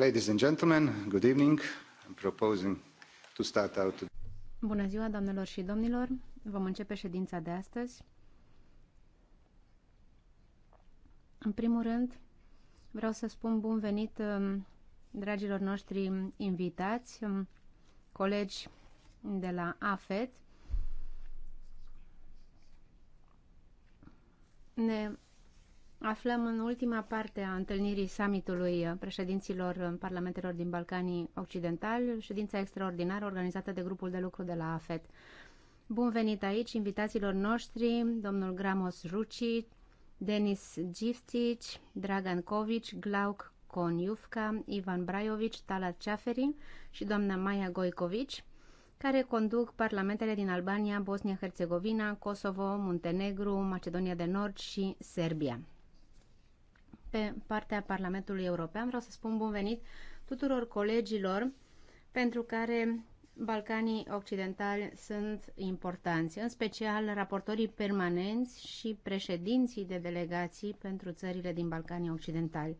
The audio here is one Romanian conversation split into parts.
Ladies and gentlemen, good evening. I'm proposing to start out. Bună ziua, doamnelor și domnilor. Vom începe ședința de astăzi. În primul rând, vreau să spun bun venit um, dragilor noștri invitați, um, colegi de la AFET. Ne aflăm în ultima parte a întâlnirii summitului președinților parlamentelor din Balcanii Occidentali, ședința extraordinară organizată de grupul de lucru de la AFET. Bun venit aici invitațiilor noștri, domnul Gramos Ruci, Denis Giftic, Dragan Kovic, Glauc Coniufca, Ivan Braiovic, Talat Ceaferi și doamna Maia Goicovici, care conduc parlamentele din Albania, Bosnia-Herzegovina, Kosovo, Muntenegru, Macedonia de Nord și Serbia pe partea Parlamentului European. Vreau să spun bun venit tuturor colegilor pentru care Balcanii Occidentali sunt importanți, în special raportorii permanenți și președinții de delegații pentru țările din Balcanii Occidentali.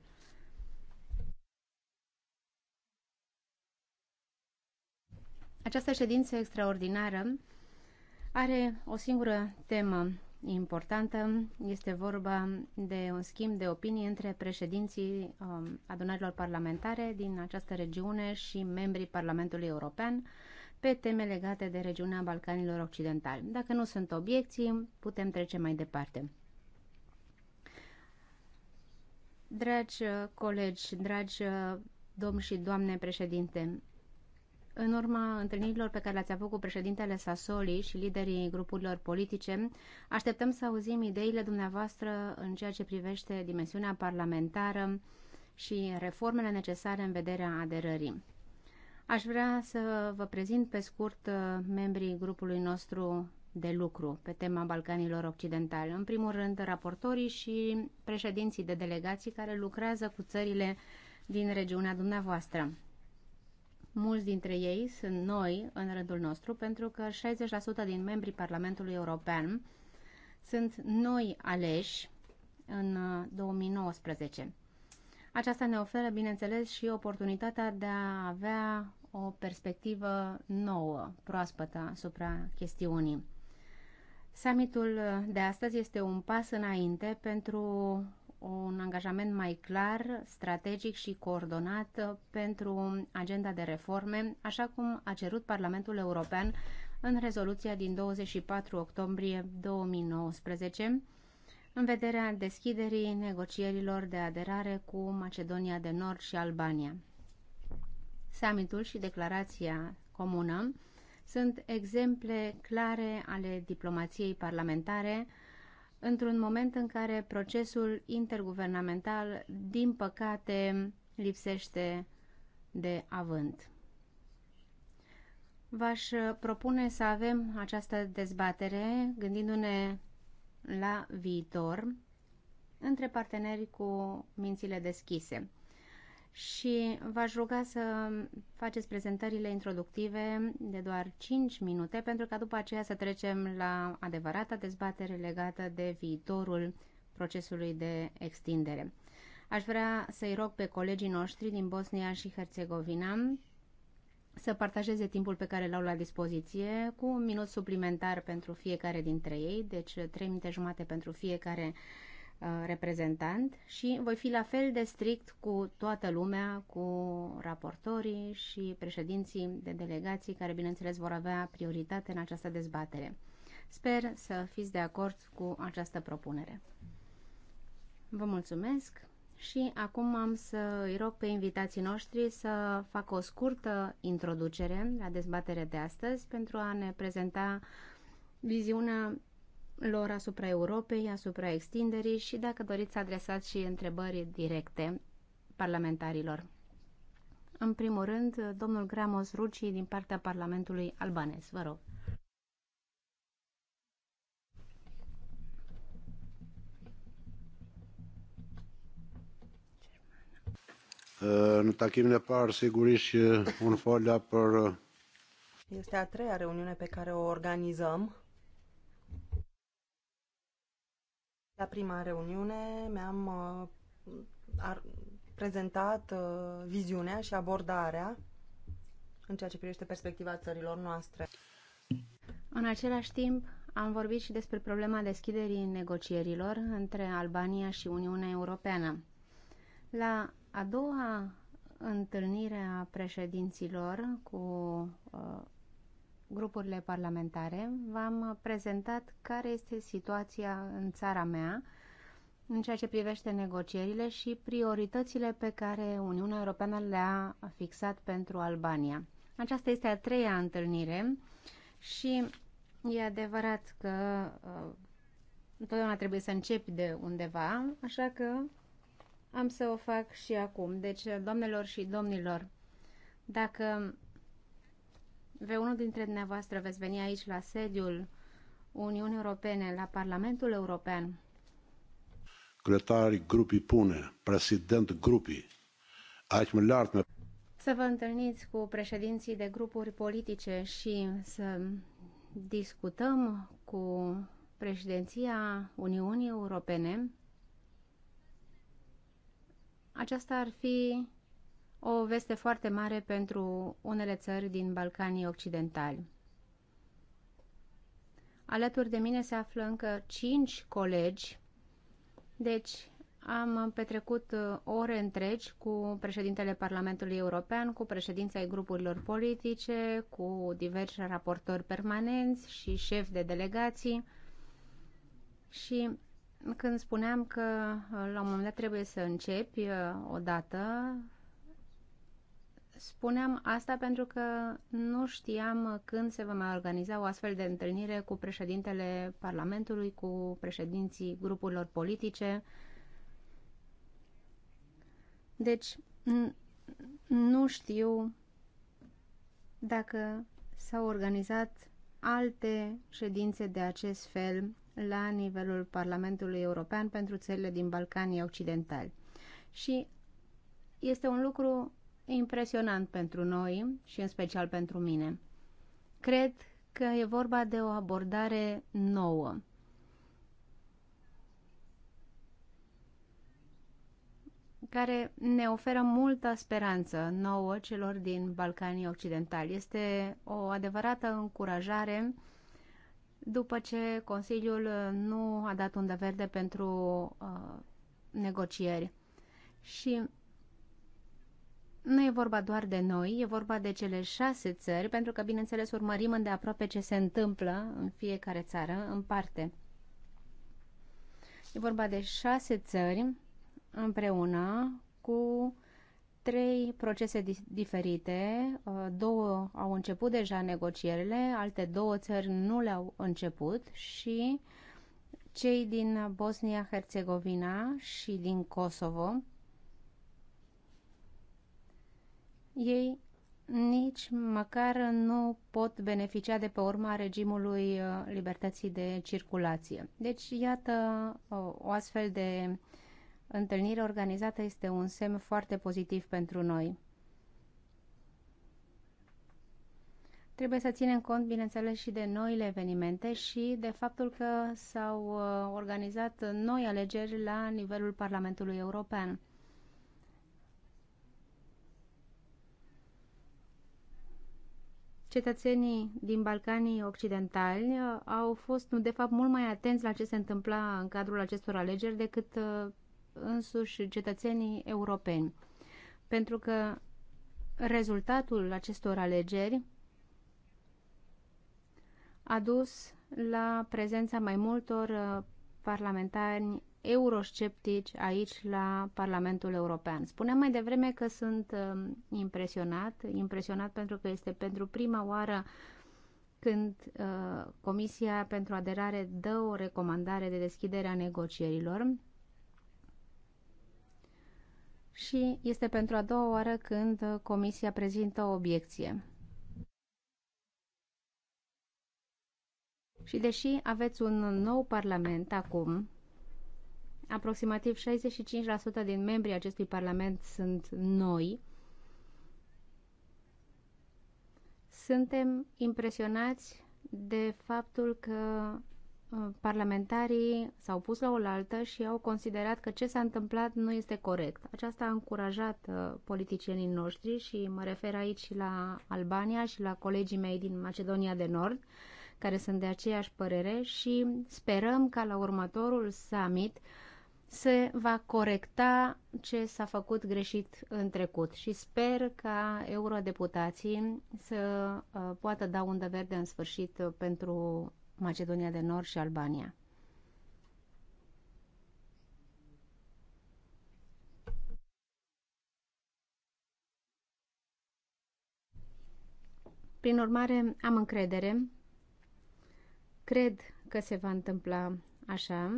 Această ședință extraordinară are o singură temă importantă. Este vorba de un schimb de opinii între președinții um, adunărilor parlamentare din această regiune și membrii Parlamentului European pe teme legate de regiunea Balcanilor Occidentali. Dacă nu sunt obiecții, putem trece mai departe. Dragi uh, colegi, dragi uh, domn și doamne președinte, în urma întâlnirilor pe care le-ați avut cu președintele Sassoli și liderii grupurilor politice, așteptăm să auzim ideile dumneavoastră în ceea ce privește dimensiunea parlamentară și reformele necesare în vederea aderării. Aș vrea să vă prezint pe scurt uh, membrii grupului nostru de lucru pe tema Balcanilor Occidentale. În primul rând, raportorii și președinții de delegații care lucrează cu țările din regiunea dumneavoastră mulți dintre ei sunt noi în rândul nostru, pentru că 60% din membrii Parlamentului European sunt noi aleși în 2019. Uh, Aceasta ne oferă, bineînțeles, și oportunitatea de a avea o perspectivă nouă, proaspătă asupra chestiunii. Summitul de astăzi este un pas înainte pentru un angajament mai clar, strategic și coordonat pentru agenda de reforme, așa cum a cerut Parlamentul European în rezoluția din 24 octombrie 2019, în vederea deschiderii negocierilor de aderare cu Macedonia de Nord și Albania. Summitul și declarația comună sunt exemple clare ale diplomației parlamentare, într-un moment în care procesul interguvernamental, din păcate, lipsește de avânt. V-aș propune să avem această dezbatere gândindu-ne la viitor între parteneri cu mințile deschise și v-aș ruga să faceți prezentările introductive de doar 5 minute, pentru ca după aceea să trecem la adevărata dezbatere legată de viitorul procesului de extindere. Aș vrea să-i rog pe colegii noștri din Bosnia și Herțegovina să partajeze timpul pe care l-au la dispoziție cu un minut suplimentar pentru fiecare dintre ei, deci 3 minute jumate pentru fiecare uh, Uh, reprezentant și voi fi la fel de strict cu toată lumea, cu raportorii și președinții de delegații care, bineînțeles, vor avea prioritate în această dezbatere. Sper să fiți de acord cu această propunere. Vă mulțumesc și acum am să îi rog pe invitații noștri să facă o scurtă introducere la dezbatere de astăzi pentru a ne prezenta viziunea lor asupra Europei, asupra extinderii și dacă doriți să adresați și întrebări directe parlamentarilor. În primul rând, domnul Gramos Ruci din partea Parlamentului albanez. Vă rog. Uh, Në takimin e parë sigurisht uh, që unë fola për uh, Este a treia reuniune pe care o organizăm La prima reuniune mi-am uh, prezentat uh, viziunea și abordarea în ceea ce privește perspectiva țărilor noastre. În același timp, am vorbit și despre problema deschiderii negocierilor între Albania și Uniunea Europeană. La a doua întâlnire a președinților cu uh, grupurile parlamentare, v-am prezentat care este situația în țara mea în ceea ce privește negocierile și prioritățile pe care Uniunea Europeană le-a fixat pentru Albania. Aceasta este a treia întâlnire și e adevărat că uh, întotdeauna trebuie să începi de undeva, așa că am să o fac și acum. Deci, domnilor și domnilor, dacă unul dintre dumneavoastră veți veni aici la sediul Uniunii Europene, la Parlamentul European. Secretari grupii pune, president grupii, aici mă lartme. Să vă întâlniți cu președinții de grupuri politice și să discutăm cu președinția Uniunii Europene. Aceasta ar fi o veste foarte mare pentru unele țări din Balcanii Occidentali. Alături de mine se află încă cinci colegi, deci am petrecut uh, ore întregi cu președintele Parlamentului European, cu președința grupurilor politice, cu diversi raportori permanenți și șefi de delegații. Și când spuneam că uh, la un moment dat trebuie să începi uh, o dată. Spuneam asta pentru că nu știam când se va mai organiza o astfel de întâlnire cu președintele Parlamentului, cu președinții grupurilor politice. Deci, nu știu dacă s-au organizat alte ședințe de acest fel la nivelul Parlamentului European pentru țările din Balcanii Occidentali. Și este un lucru impresionant pentru noi și în special pentru mine. Cred că e vorba de o abordare nouă. care ne oferă multă speranță nouă celor din Balcanii Occidentali. Este o adevărată încurajare după ce Consiliul nu a dat undă verde pentru uh, negocieri. Și nu e vorba doar de noi, e vorba de cele șase țări, pentru că, bineînțeles, urmărim îndeaproape ce se întâmplă în fiecare țară, în parte. E vorba de șase țări împreună cu trei procese diferite. Uh, două au început deja negocierile, alte două țări nu le-au început și cei din Bosnia-Herzegovina și din Kosovo ei nici măcar nu pot beneficia de pe urma regimului uh, libertății de circulație. Deci, iată, o astfel de întâlnire organizată este un semn foarte pozitiv pentru noi. Trebuie să ținem cont, bineînțeles, și de noile evenimente și de faptul că s-au uh, organizat noi alegeri la nivelul Parlamentului European. cetățenii din Balcanii Occidentali uh, au fost, de fapt, mult mai atenți la ce se întâmpla în cadrul acestor alegeri decât uh, însuși cetățenii europeni. Pentru că rezultatul acestor alegeri a dus la prezența mai multor uh, parlamentari eurosceptici aici la Parlamentul European. Spuneam mai devreme că sunt um, impresionat, impresionat pentru că este pentru prima oară când uh, Comisia pentru Aderare dă o recomandare de deschidere a negocierilor și este pentru a doua oară când uh, Comisia prezintă o obiecție. Și deși aveți un nou Parlament acum, Aproximativ 65% din membrii acestui parlament sunt noi. Suntem impresionați de faptul că uh, parlamentarii s-au pus la oaltă și au considerat că ce s-a întâmplat nu este corect. Aceasta a încurajat uh, politicienii noștri și mă refer aici și la Albania și la colegii mei din Macedonia de Nord, care sunt de aceeași părere și sperăm ca la următorul summit se va corecta ce s-a făcut greșit în trecut și sper ca eurodeputații să uh, poată da undă verde în sfârșit uh, pentru Macedonia de Nord și Albania. Prin urmare, am încredere. Cred că se va întâmpla așa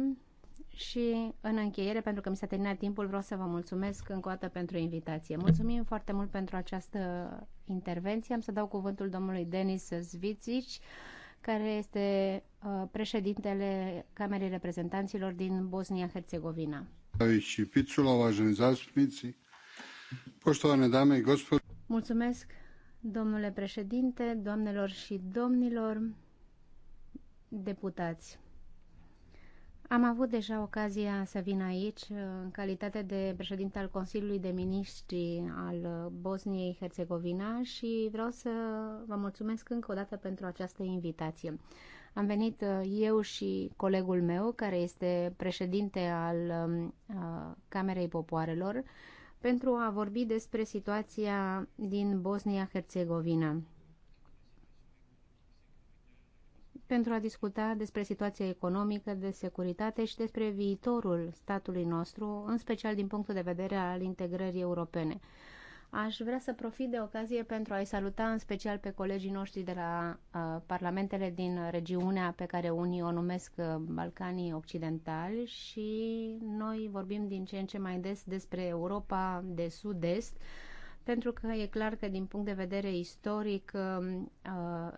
și în încheiere, pentru că mi s-a terminat timpul, vreau să vă mulțumesc încă o dată pentru invitație. Mulțumim foarte mult pentru această intervenție. Am să dau cuvântul domnului Denis Zvițici, care este uh, președintele Camerei Reprezentanților din Bosnia-Herzegovina. Mulțumesc, domnule președinte, doamnelor și domnilor deputați. Am avut deja ocazia să vin aici uh, în calitate de președinte al Consiliului de Ministri al uh, Bosniei Herzegovina și vreau să vă mulțumesc încă o dată pentru această invitație. Am venit uh, eu și colegul meu, care este președinte al um, Camerei Popoarelor, pentru a vorbi despre situația din Bosnia-Herzegovina. pentru a discuta despre situația economică, de securitate și despre viitorul statului nostru, în special din punctul de vedere al integrării europene. Aș vrea să profit de ocazie pentru a-i saluta în special pe colegii noștri de la uh, parlamentele din regiunea pe care unii o numesc uh, Balcanii Occidentali și noi vorbim din ce în ce mai des despre Europa de Sud-Est, pentru că e clar că din punct de vedere istoric uh,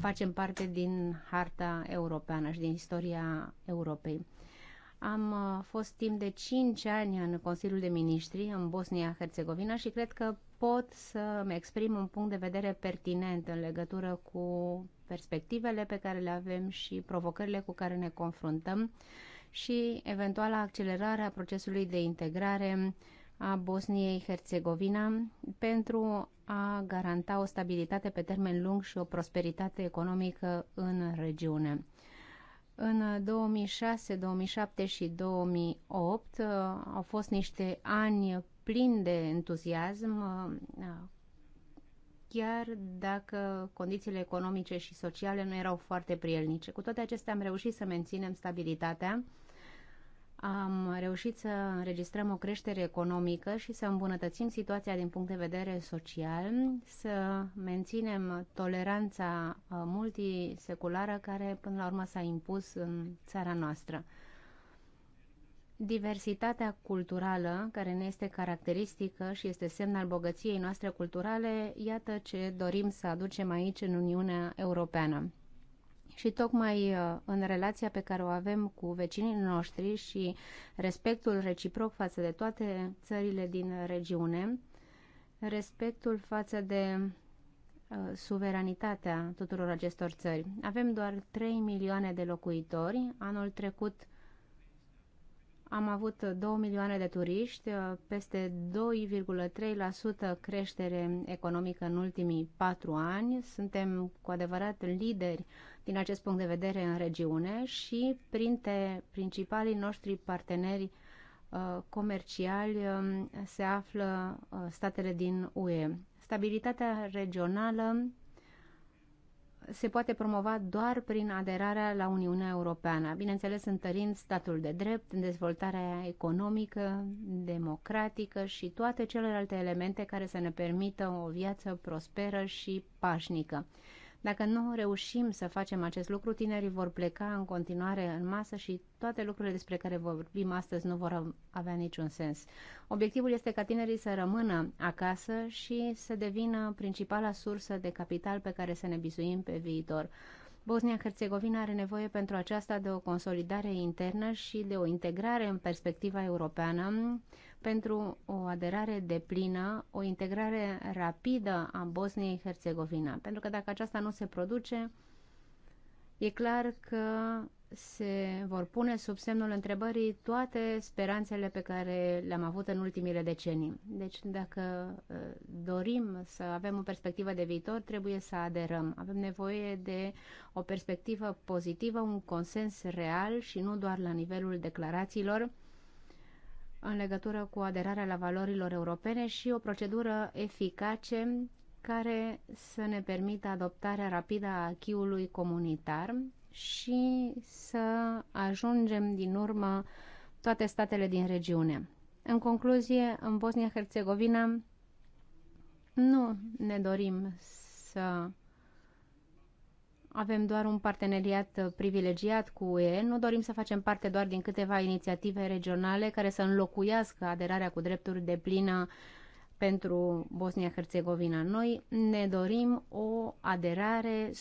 facem parte din harta europeană și din istoria Europei. Am uh, fost timp de 5 ani în Consiliul de Ministri în Bosnia-Herzegovina și cred că pot să-mi exprim un punct de vedere pertinent în legătură cu perspectivele pe care le avem și provocările cu care ne confruntăm și eventuala accelerare a procesului de integrare a Bosniei Herțegovina pentru a garanta o stabilitate pe termen lung și o prosperitate economică în regiune. În 2006, 2007 și 2008 uh, au fost niște ani plini de entuziasm, uh, chiar dacă condițiile economice și sociale nu erau foarte prielnice. Cu toate acestea am reușit să menținem stabilitatea am reușit să înregistrăm o creștere economică și să îmbunătățim situația din punct de vedere social, să menținem toleranța uh, multiseculară care până la urmă s-a impus în țara noastră. Diversitatea culturală, care ne este caracteristică și este semn al bogăției noastre culturale, iată ce dorim să aducem aici în Uniunea Europeană și tocmai uh, în relația pe care o avem cu vecinii noștri și respectul reciproc față de toate țările din regiune, respectul față de uh, suveranitatea tuturor acestor țări. Avem doar 3 milioane de locuitori. Anul trecut am avut 2 milioane de turiști, uh, peste 2,3% creștere economică în ultimii 4 ani. Suntem cu adevărat lideri din acest punct de vedere în regiune și printre principalii noștri parteneri uh, comerciali um, se află uh, statele din UE. Stabilitatea regională se poate promova doar prin aderarea la Uniunea Europeană, bineînțeles întărind statul de drept, dezvoltarea economică, democratică și toate celelalte elemente care să ne permită o viață prosperă și pașnică. Dacă nu reușim să facem acest lucru, tinerii vor pleca în continuare în masă și toate lucrurile despre care vorbim astăzi nu vor avea niciun sens. Obiectivul este ca tinerii să rămână acasă și să devină principala sursă de capital pe care să ne bizuim pe viitor. Bosnia-Herzegovina are nevoie pentru aceasta de o consolidare internă și de o integrare în perspectiva europeană pentru o aderare deplină, o integrare rapidă a bosniei herțegovina Pentru că dacă aceasta nu se produce, e clar că se vor pune sub semnul întrebării toate speranțele pe care le-am avut în ultimile decenii. Deci dacă uh, dorim să avem o perspectivă de viitor, trebuie să aderăm. Avem nevoie de o perspectivă pozitivă, un consens real și nu doar la nivelul declarațiilor, în legătură cu aderarea la valorilor europene și o procedură eficace care să ne permită adoptarea rapidă a achiului comunitar și să ajungem din urmă toate statele din regiune. În concluzie, în Bosnia-Herzegovina nu ne dorim să avem doar un parteneriat uh, privilegiat cu UE, nu dorim să facem parte doar din câteva inițiative regionale care să înlocuiască aderarea cu drepturi de plină pentru Bosnia-Herzegovina. Noi ne dorim o aderare 100%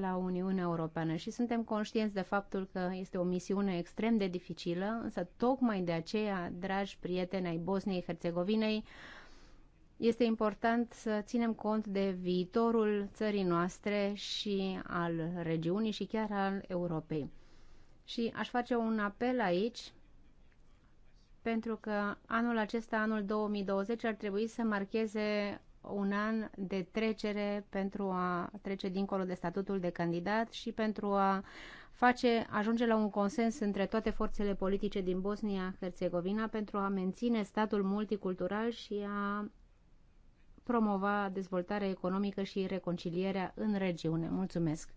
la Uniunea Europeană și suntem conștienți de faptul că este o misiune extrem de dificilă, însă tocmai de aceea, dragi prieteni ai Bosniei-Herzegovinei, este important să ținem cont de viitorul țării noastre și al regiunii și chiar al Europei. Și aș face un apel aici pentru că anul acesta, anul 2020, ar trebui să marcheze un an de trecere pentru a trece dincolo de statutul de candidat și pentru a face, ajunge la un consens între toate forțele politice din Bosnia-Herzegovina pentru a menține statul multicultural și a promova dezvoltarea economică și reconcilierea în regiune. Mulțumesc!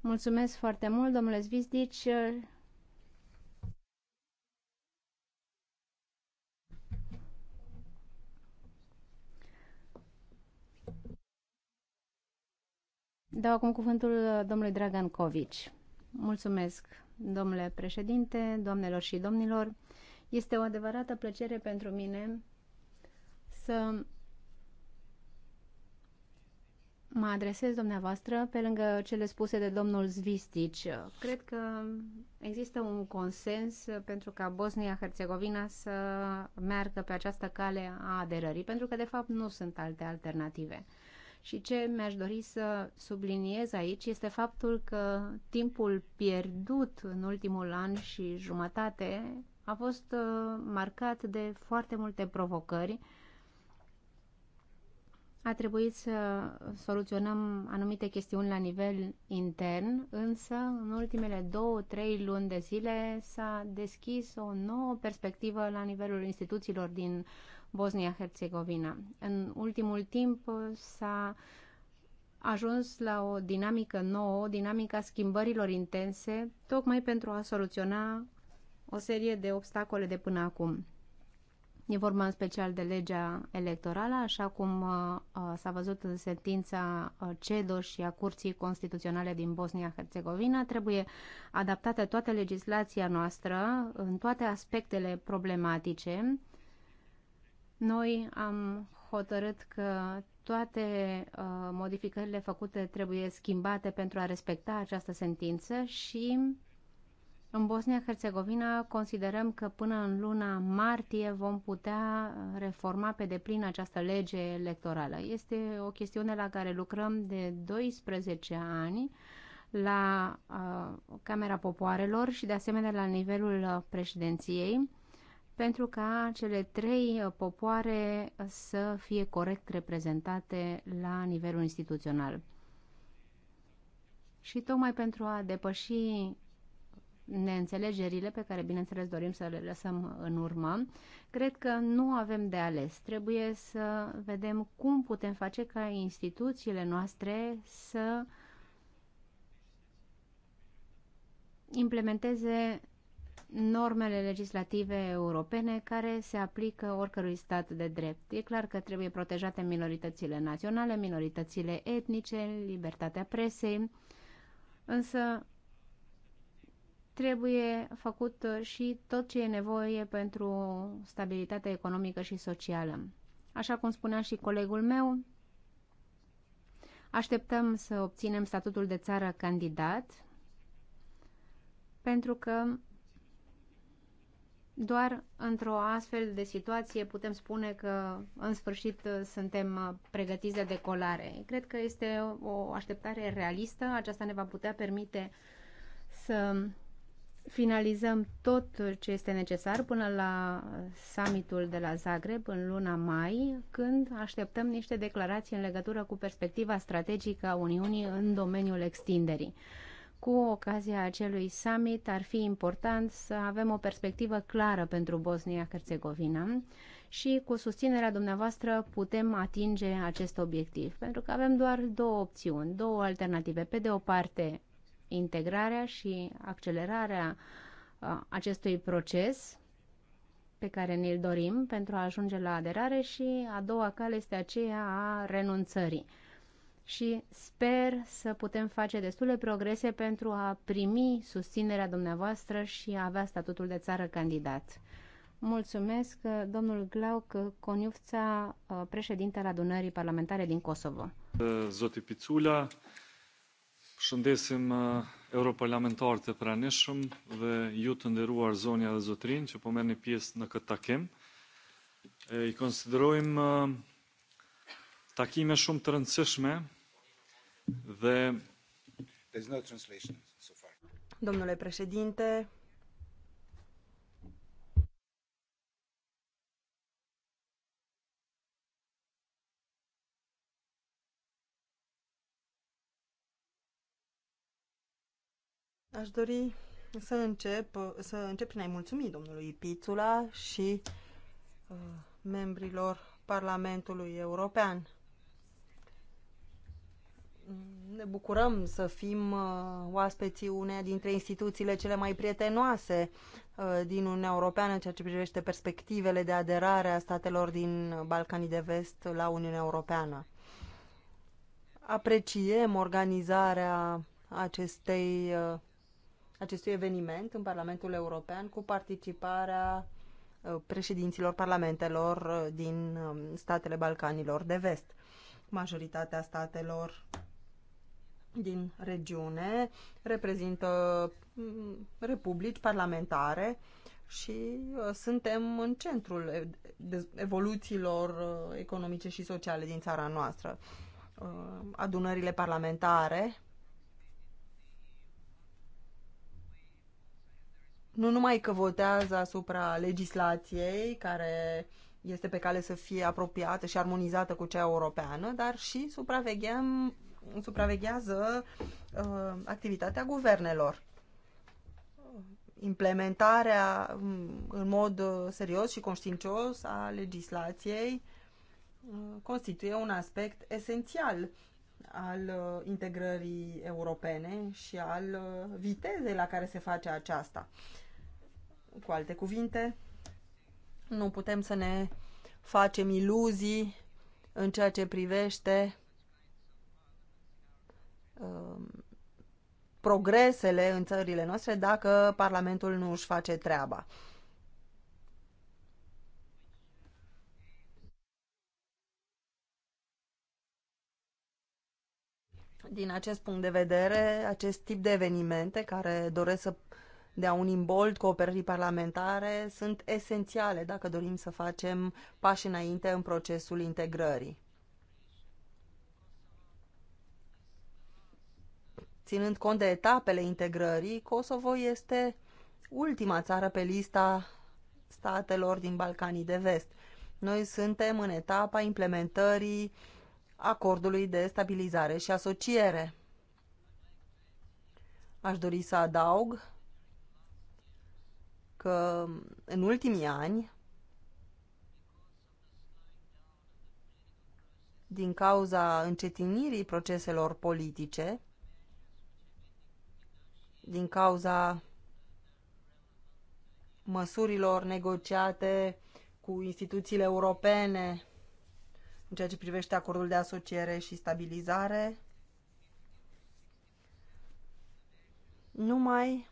Mulțumesc foarte mult, domnule Zvizdici! Dau acum cuvântul domnului Dragan Covici. Mulțumesc, domnule președinte, doamnelor și domnilor. Este o adevărată plăcere pentru mine să mă adresez dumneavoastră pe lângă cele spuse de domnul Zvistici. Cred că există un consens pentru ca Bosnia-Herzegovina să meargă pe această cale a aderării, pentru că de fapt nu sunt alte alternative. Și ce mi-aș dori să subliniez aici este faptul că timpul pierdut în ultimul an și jumătate a fost uh, marcat de foarte multe provocări a trebuit să soluționăm anumite chestiuni la nivel intern, însă în ultimele două, trei luni de zile s-a deschis o nouă perspectivă la nivelul instituțiilor din Bosnia-Herzegovina. În ultimul timp s-a ajuns la o dinamică nouă, dinamica schimbărilor intense, tocmai pentru a soluționa o serie de obstacole de până acum. E vorba în special de legea electorală, așa cum uh, uh, s-a văzut în sentința uh, CEDO și a Curții Constituționale din Bosnia-Herzegovina. Trebuie adaptată toată legislația noastră în toate aspectele problematice. Noi am hotărât că toate uh, modificările făcute trebuie schimbate pentru a respecta această sentință și în Bosnia-Herzegovina considerăm că până în luna martie vom putea reforma pe deplin această lege electorală. Este o chestiune la care lucrăm de 12 ani la uh, Camera Popoarelor și de asemenea la nivelul președinției pentru ca cele trei popoare să fie corect reprezentate la nivelul instituțional. Și tocmai pentru a depăși neînțelegerile pe care, bineînțeles, dorim să le lăsăm în urmă, cred că nu avem de ales. Trebuie să vedem cum putem face ca instituțiile noastre să implementeze normele legislative europene care se aplică oricărui stat de drept. E clar că trebuie protejate minoritățile naționale, minoritățile etnice, libertatea presei, însă trebuie făcut uh, și tot ce e nevoie pentru stabilitatea economică și socială. Așa cum spunea și colegul meu, așteptăm să obținem statutul de țară candidat, pentru că doar într-o astfel de situație putem spune că în sfârșit uh, suntem uh, pregătiți de decolare. Cred că este o așteptare realistă, aceasta ne va putea permite să finalizăm tot ce este necesar până la summitul de la Zagreb în luna mai, când așteptăm niște declarații în legătură cu perspectiva strategică a Uniunii în domeniul extinderii. Cu ocazia acelui summit ar fi important să avem o perspectivă clară pentru Bosnia-Herzegovina și cu susținerea dumneavoastră putem atinge acest obiectiv, pentru că avem doar două opțiuni, două alternative. Pe de o parte, integrarea și accelerarea uh, acestui proces pe care ne-l dorim pentru a ajunge la aderare și a doua cale este aceea a renunțării. Și sper să putem face destule progrese pentru a primi susținerea dumneavoastră și a avea statutul de țară candidat. Mulțumesc, uh, domnul Glauc Coniufța, uh, președintele adunării parlamentare din Kosovo. Zote Shëndesim uh, europarlamentarët e pranishëm dhe ju të nderuar zonja dhe zotrin që po merrni pjesë në këtë takim. E, I konsiderojmë uh, takime shumë të rëndësishme dhe There's no translation so far. Domnule președinte, Aș dori să încep, să încep prin a-i mulțumi domnului Pițula și uh, membrilor Parlamentului European. Ne bucurăm să fim uh, oaspeții uneia dintre instituțiile cele mai prietenoase uh, din Uniunea Europeană în ceea ce privește perspectivele de aderare a statelor din Balcanii de Vest la Uniunea Europeană. Apreciem organizarea acestei uh, acestui eveniment în Parlamentul European cu participarea uh, președinților parlamentelor uh, din um, statele Balcanilor de vest. Majoritatea statelor din regiune reprezintă mm, republici parlamentare și uh, suntem în centrul evoluțiilor economice și sociale din țara noastră. Adunările parlamentare nu numai că votează asupra legislației care este pe cale să fie apropiată și armonizată cu cea europeană, dar și supraveghem, supraveghează uh, activitatea guvernelor. Implementarea mm, în mod uh, serios și conștiincios a legislației uh, constituie un aspect esențial al uh, integrării europene și al vitezei la care se face aceasta. Uh, cu alte cuvinte, nu putem să ne facem iluzii în ceea ce privește um, progresele în țările noastre dacă Parlamentul nu își face treaba. Din acest punct de vedere, acest tip de evenimente care doresc să de a unimbold cooperării parlamentare sunt esențiale dacă dorim să facem pași înainte în procesul integrării. Ținând cont de etapele integrării, Kosovo este ultima țară pe lista statelor din Balcanii de Vest. Noi suntem în etapa implementării acordului de stabilizare și asociere. Aș dori să adaug că în ultimii ani, din cauza încetinirii proceselor politice, din cauza măsurilor negociate cu instituțiile europene în ceea ce privește acordul de asociere și stabilizare, numai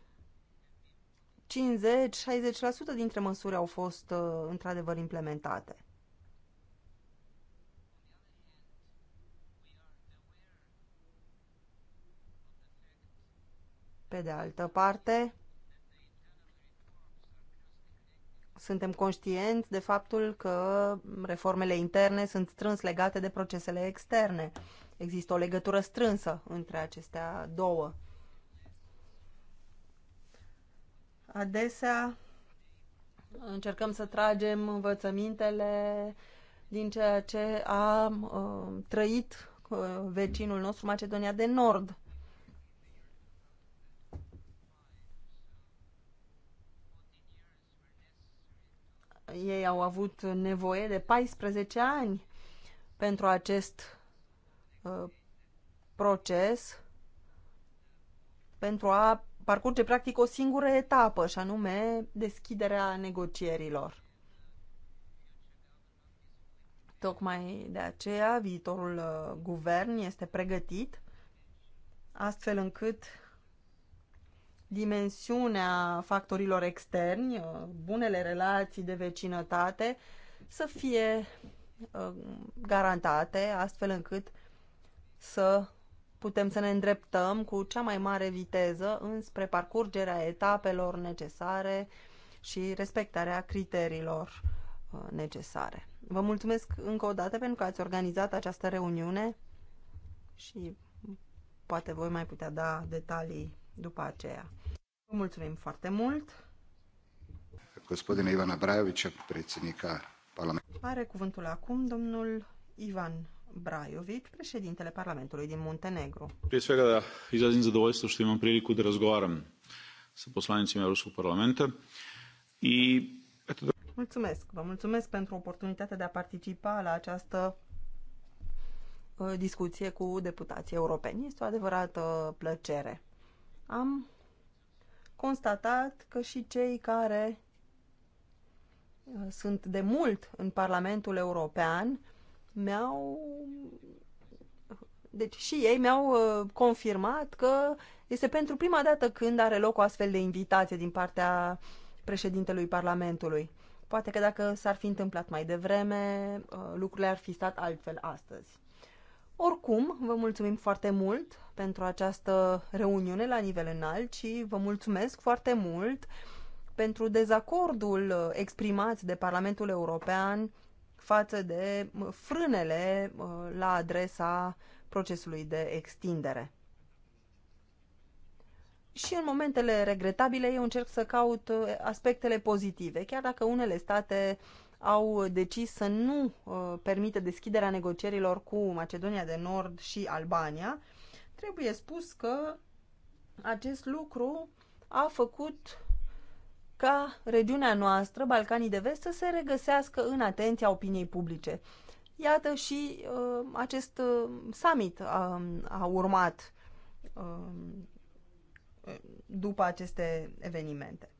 50-60% dintre măsuri au fost uh, într-adevăr implementate. Pe de altă parte, suntem conștienți de faptul că reformele interne sunt strâns legate de procesele externe. Există o legătură strânsă între acestea două. Adesea încercăm să tragem învățămintele din ceea ce a uh, trăit uh, vecinul nostru, Macedonia de Nord. Ei au avut nevoie de 14 ani pentru acest uh, proces, pentru a parcurge practic o singură etapă, și anume deschiderea negocierilor. Tocmai de aceea viitorul uh, guvern este pregătit astfel încât dimensiunea factorilor externi, uh, bunele relații de vecinătate să fie uh, garantate astfel încât să putem să ne îndreptăm cu cea mai mare viteză înspre parcurgerea etapelor necesare și respectarea criteriilor uh, necesare. Vă mulțumesc încă o dată pentru că ați organizat această reuniune și poate voi mai putea da detalii după aceea. Vă mulțumim foarte mult! Gospodine Ivan Abraiovice, prețenica Parlamentului. Are cuvântul acum domnul Ivan Brajovic, președintele Parlamentului din Muntenegru. Prije svega, da izrazim zadovoljstvo što imam priliku da razgovaram sa poslanicima Europskog parlamenta i da- Mulțumesc, vă mulțumesc pentru oportunitatea de a participa la această ă, discuție cu deputații europeni. Este o adevărată ă, plăcere. Am constatat că și cei care ă, sunt de mult în Parlamentul European mi-au deci și ei mi-au uh, confirmat că este pentru prima dată când are loc o astfel de invitație din partea președintelui Parlamentului. Poate că dacă s-ar fi întâmplat mai devreme, uh, lucrurile ar fi stat altfel astăzi. Oricum, vă mulțumim foarte mult pentru această reuniune la nivel înalt și vă mulțumesc foarte mult pentru dezacordul uh, exprimat de Parlamentul European față de frânele la adresa procesului de extindere. Și în momentele regretabile eu încerc să caut uh, aspectele pozitive, chiar dacă unele state au decis să nu uh, permită deschiderea negocierilor cu Macedonia de Nord și Albania, trebuie spus că acest lucru a făcut ca regiunea noastră, Balcanii de Vest, să se regăsească în atenția opiniei publice. Iată și uh, acest uh, summit a, uh, a urmat uh, după aceste evenimente.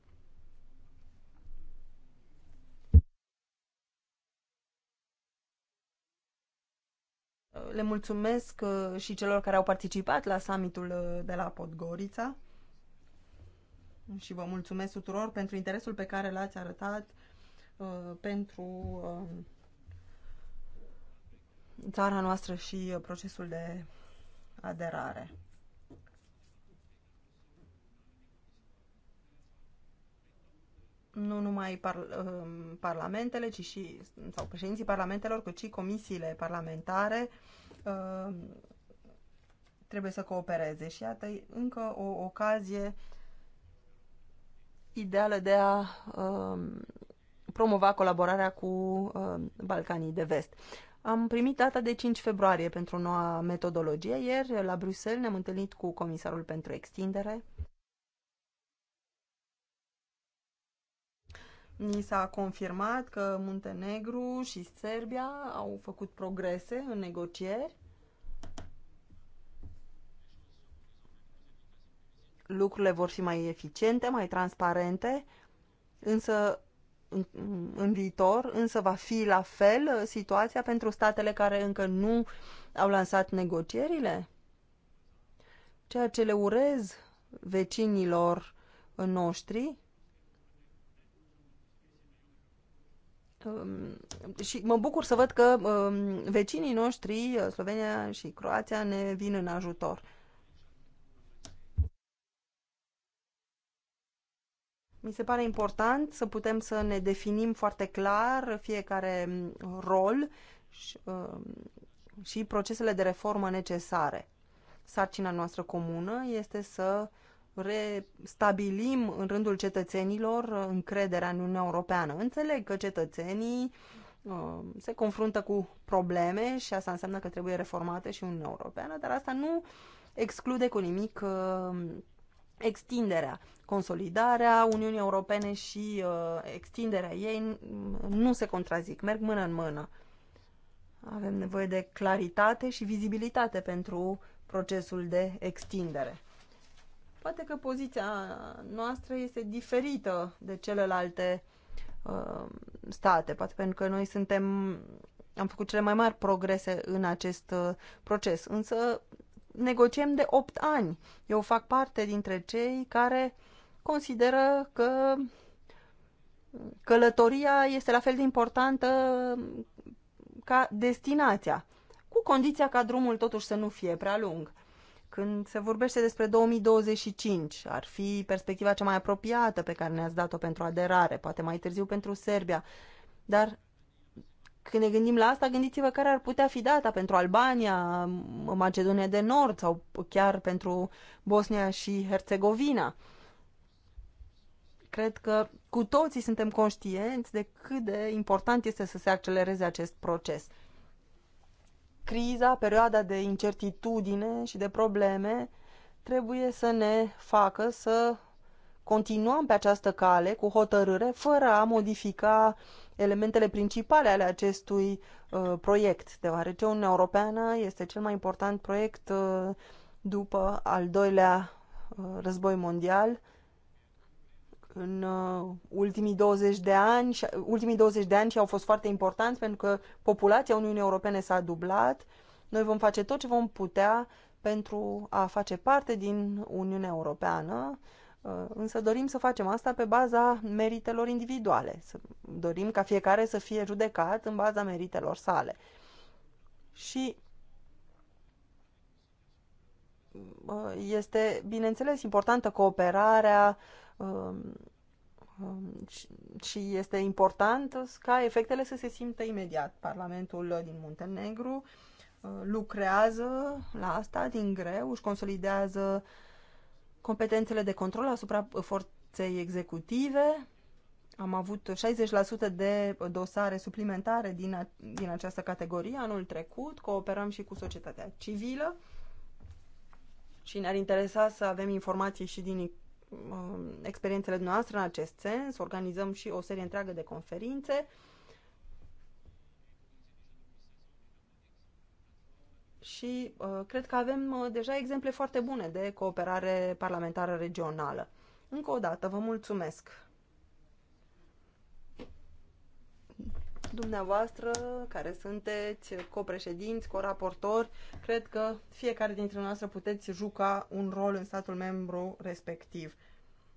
Le mulțumesc uh, și celor care au participat la summitul uh, de la Podgorița și vă mulțumesc tuturor pentru interesul pe care l-ați arătat uh, pentru uh, țara noastră și uh, procesul de aderare. nu numai par, uh, parlamentele, ci și, sau președinții parlamentelor, cât și comisiile parlamentare uh, trebuie să coopereze. Și iată, încă o ocazie ideală de a um, promova colaborarea cu um, Balcanii de Vest. Am primit data de 5 februarie pentru noua metodologie. Ieri, la Bruxelles, ne-am întâlnit cu comisarul pentru extindere. Ni s-a confirmat că Muntenegru și Serbia au făcut progrese în negocieri lucrurile vor fi mai eficiente, mai transparente, însă în, în viitor, însă va fi la fel situația pentru statele care încă nu au lansat negocierile? Ceea ce le urez vecinilor noștri um, și mă bucur să văd că um, vecinii noștri, Slovenia și Croația, ne vin în ajutor. Mi se pare important să putem să ne definim foarte clar fiecare mm, rol și, um, și procesele de reformă necesare. Sarcina noastră comună este să restabilim în rândul cetățenilor încrederea în Uniunea Europeană. Înțeleg că cetățenii um, se confruntă cu probleme și asta înseamnă că trebuie reformate și Uniunea Europeană, dar asta nu exclude cu nimic um, extinderea, consolidarea Uniunii Europene și uh, extinderea ei nu se contrazic, merg mână în mână. Avem nevoie de claritate și vizibilitate pentru procesul de extindere. Poate că poziția noastră este diferită de celelalte uh, state, poate pentru că noi suntem am făcut cele mai mari progrese în acest uh, proces, însă negociem de 8 ani. Eu fac parte dintre cei care consideră că călătoria este la fel de importantă ca destinația, cu condiția ca drumul totuși să nu fie prea lung. Când se vorbește despre 2025, ar fi perspectiva cea mai apropiată pe care ne-ați dat-o pentru aderare, poate mai târziu pentru Serbia, dar când ne gândim la asta, gândiți-vă care ar putea fi data pentru Albania, Macedonia de Nord sau chiar pentru Bosnia și Herțegovina. Cred că cu toții suntem conștienți de cât de important este să se accelereze acest proces. Criza, perioada de incertitudine și de probleme trebuie să ne facă să continuăm pe această cale cu hotărâre, fără a modifica uh, elementele principale ale acestui uh, proiect, deoarece Uniunea Europeană este cel mai important proiect uh, după al doilea uh, război mondial. În uh, ultimii 20 de ani, și, ultimii 20 de ani și au fost foarte importanți pentru că populația Uniunii Europene s-a dublat. Noi vom face tot ce vom putea pentru a face parte din Uniunea Europeană. Uh, Uh, însă dorim să facem asta pe baza meritelor individuale. Dorim ca fiecare să fie judecat în baza meritelor sale. Și uh, este, bineînțeles, importantă cooperarea um, um, și este important ca efectele să se simtă imediat. Parlamentul din Muntenegru uh, lucrează la asta din greu, își consolidează uh, competențele de control asupra forței executive. Am avut 60% de dosare suplimentare din, a, din această categorie anul trecut. Cooperăm și cu societatea civilă și ne-ar interesa să avem informații și din um, experiențele noastre în acest sens. Organizăm și o serie întreagă de conferințe. Uh, și uh, cred că avem uh, deja exemple foarte bune de cooperare parlamentară regională. Încă o dată, vă mulțumesc! Dumneavoastră, care sunteți copreședinți, coraportori, cred că fiecare dintre noastre puteți juca un rol în statul membru respectiv.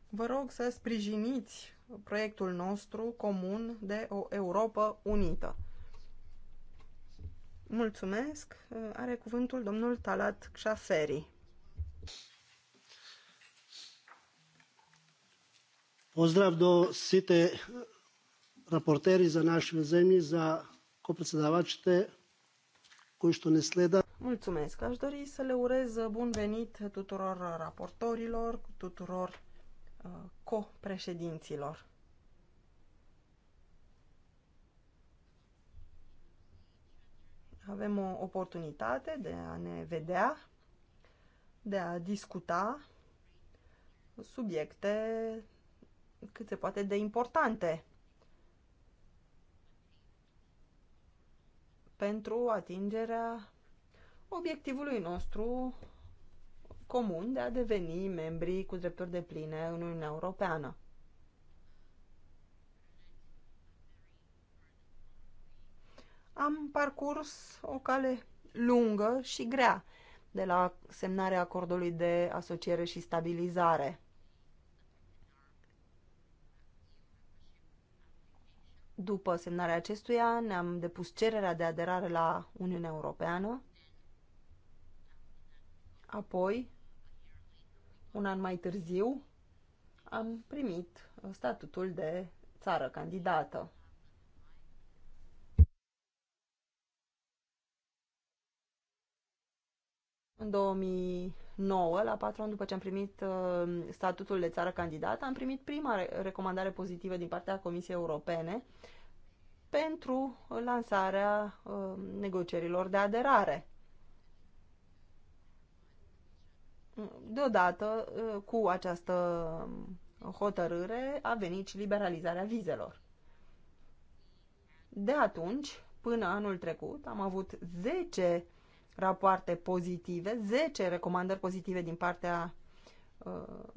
Vă rog să sprijiniți proiectul nostru comun de o Europa unită. Mulțumesc. Are cuvântul domnul Talat Xaferi. Pozdrav do site raporteri za našu zemlji, za copredsedavačite koji što ne sleda. Mulțumesc. Aș dori să le urez bun venit tuturor raportorilor, tuturor uh, copreședinților. Avem o oportunitate de a ne vedea, de a discuta subiecte cât se poate de importante pentru atingerea obiectivului nostru comun de a deveni membri cu drepturi de pline în Uniunea Europeană. am parcurs o cale lungă și grea de la semnarea acordului de asociere și stabilizare. După semnarea acestuia, ne-am depus cererea de aderare la Uniunea Europeană. Apoi, un an mai târziu, am primit statutul de țară candidată. În 2009, la patru ani după ce am primit uh, statutul de țară candidată, am primit prima recomandare pozitivă din partea Comisiei Europene pentru lansarea uh, negocierilor de aderare. Deodată, uh, cu această hotărâre, a venit și liberalizarea vizelor. De atunci, până anul trecut, am avut 10 rapoarte pozitive, 10 recomandări pozitive din partea uh,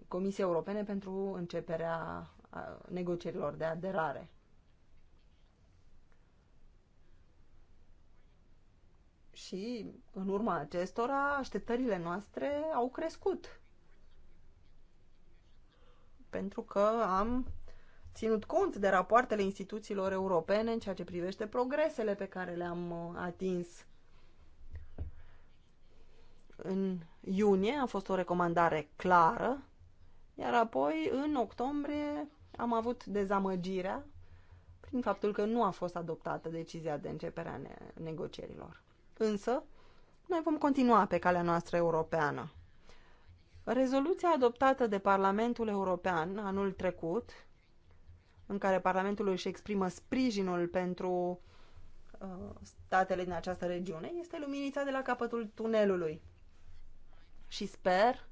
Comisiei Europene pentru începerea uh, negocierilor de aderare. Și în urma acestora, așteptările noastre au crescut. Pentru că am ținut cont de rapoartele instituțiilor europene în ceea ce privește progresele pe care le-am uh, atins în iunie a fost o recomandare clară, iar apoi în octombrie am avut dezamăgirea prin faptul că nu a fost adoptată decizia de începere a negocierilor. Însă, noi vom continua pe calea noastră europeană. Rezoluția adoptată de Parlamentul European anul trecut, în care Parlamentul își exprimă sprijinul pentru uh, statele din această regiune, este luminița de la capătul tunelului și sper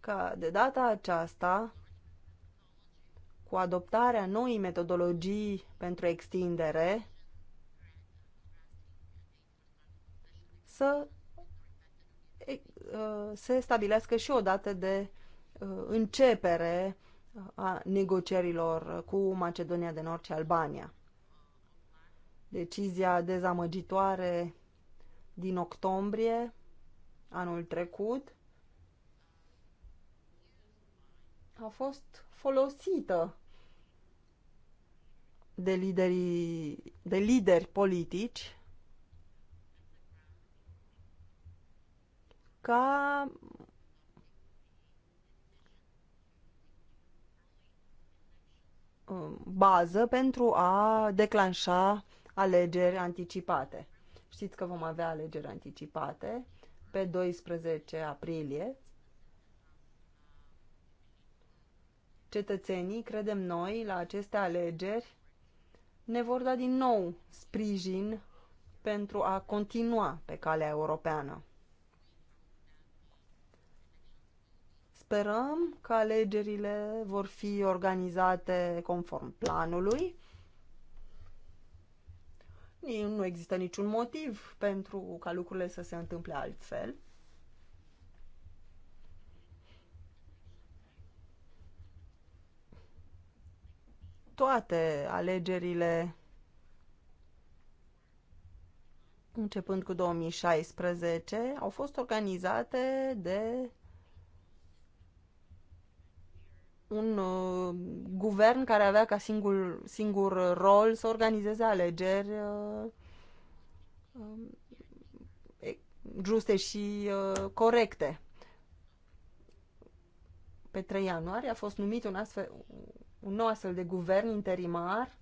că de data aceasta, cu adoptarea noii metodologii pentru extindere, să ă, se stabilească și o dată de ă, începere a negocierilor cu Macedonia de Nord și Albania decizia dezamăgitoare din octombrie anul trecut a fost folosită de, liderii, de lideri politici ca bază pentru a declanșa alegeri anticipate. Știți că vom avea alegeri anticipate pe 12 aprilie. Cetățenii, credem noi, la aceste alegeri ne vor da din nou sprijin pentru a continua pe calea europeană. Sperăm că alegerile vor fi organizate conform planului nu există niciun motiv pentru ca lucrurile să se întâmple altfel. Toate alegerile începând cu 2016 au fost organizate de un uh, guvern care avea ca singur, singur rol să organizeze alegeri uh, um, juste și uh, corecte. Pe 3 ianuarie a fost numit un, astfel, un nou astfel de guvern interimar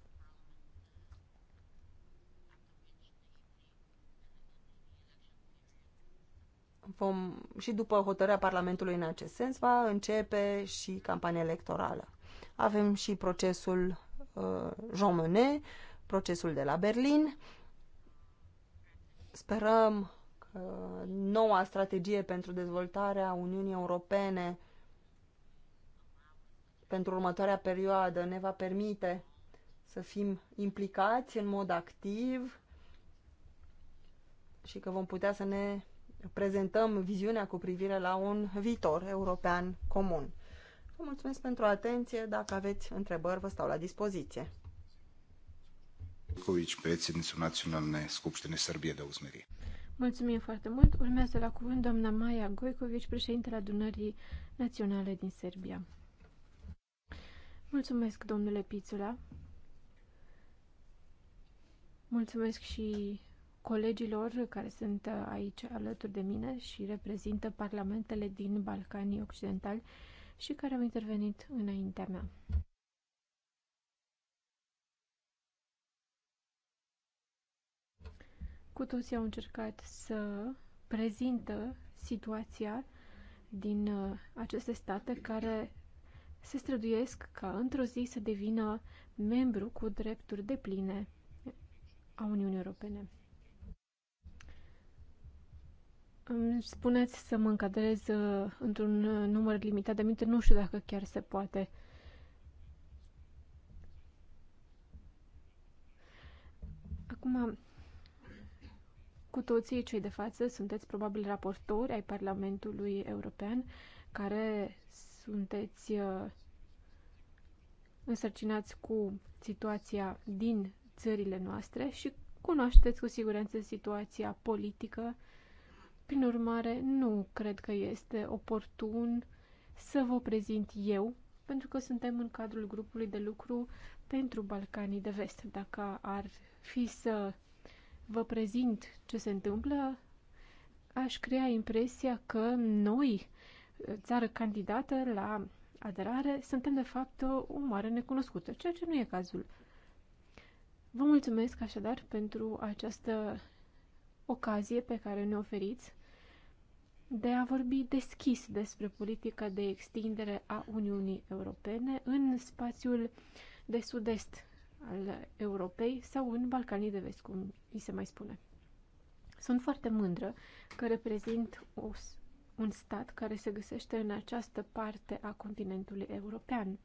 vom, și după hotărârea Parlamentului în acest sens, va începe și campania electorală. Avem și procesul uh, Jean Monnet, procesul de la Berlin. Sperăm că noua strategie pentru dezvoltarea Uniunii Europene pentru următoarea perioadă ne va permite să fim implicați în mod activ și că vom putea să ne prezentăm viziunea cu privire la un viitor european comun. Vă mulțumesc pentru atenție. Dacă aveți întrebări, vă stau la dispoziție. Ković, predsjednicu Naționalne Skupštine Srbije de uzmeri. Mulțumim foarte mult. Urmează la cuvânt doamna Maia Goicovici, președintele adunării naționale din Serbia. Mulțumesc, domnule Pițula. Mulțumesc și colegilor care sunt uh, aici alături de mine și reprezintă parlamentele din Balcanii Occidentali și care au intervenit înaintea mea. Cu toții au încercat să prezintă situația din uh, aceste state care se străduiesc ca într-o zi să devină membru cu drepturi de pline a Uniunii Europene spuneți să mă încadrez uh, într-un uh, număr limitat de minute, nu știu dacă chiar se poate. Acum, cu toții cei de față sunteți probabil raportori ai Parlamentului European, care sunteți uh, însărcinați cu situația din țările noastre și cunoașteți cu siguranță situația politică prin urmare, nu cred că este oportun să vă prezint eu, pentru că suntem în cadrul grupului de lucru pentru Balcanii de Vest. Dacă ar fi să vă prezint ce se întâmplă, aș crea impresia că noi, țară candidată la aderare, suntem de fapt o mare necunoscută, ceea ce nu e cazul. Vă mulțumesc așadar pentru această ocazie pe care ne oferiți de a vorbi deschis despre politica de extindere a Uniunii Europene în spațiul de sud-est al Europei sau în Balcanii de Vest, cum îi se mai spune. Sunt foarte mândră că reprezint o, un stat care se găsește în această parte a continentului european.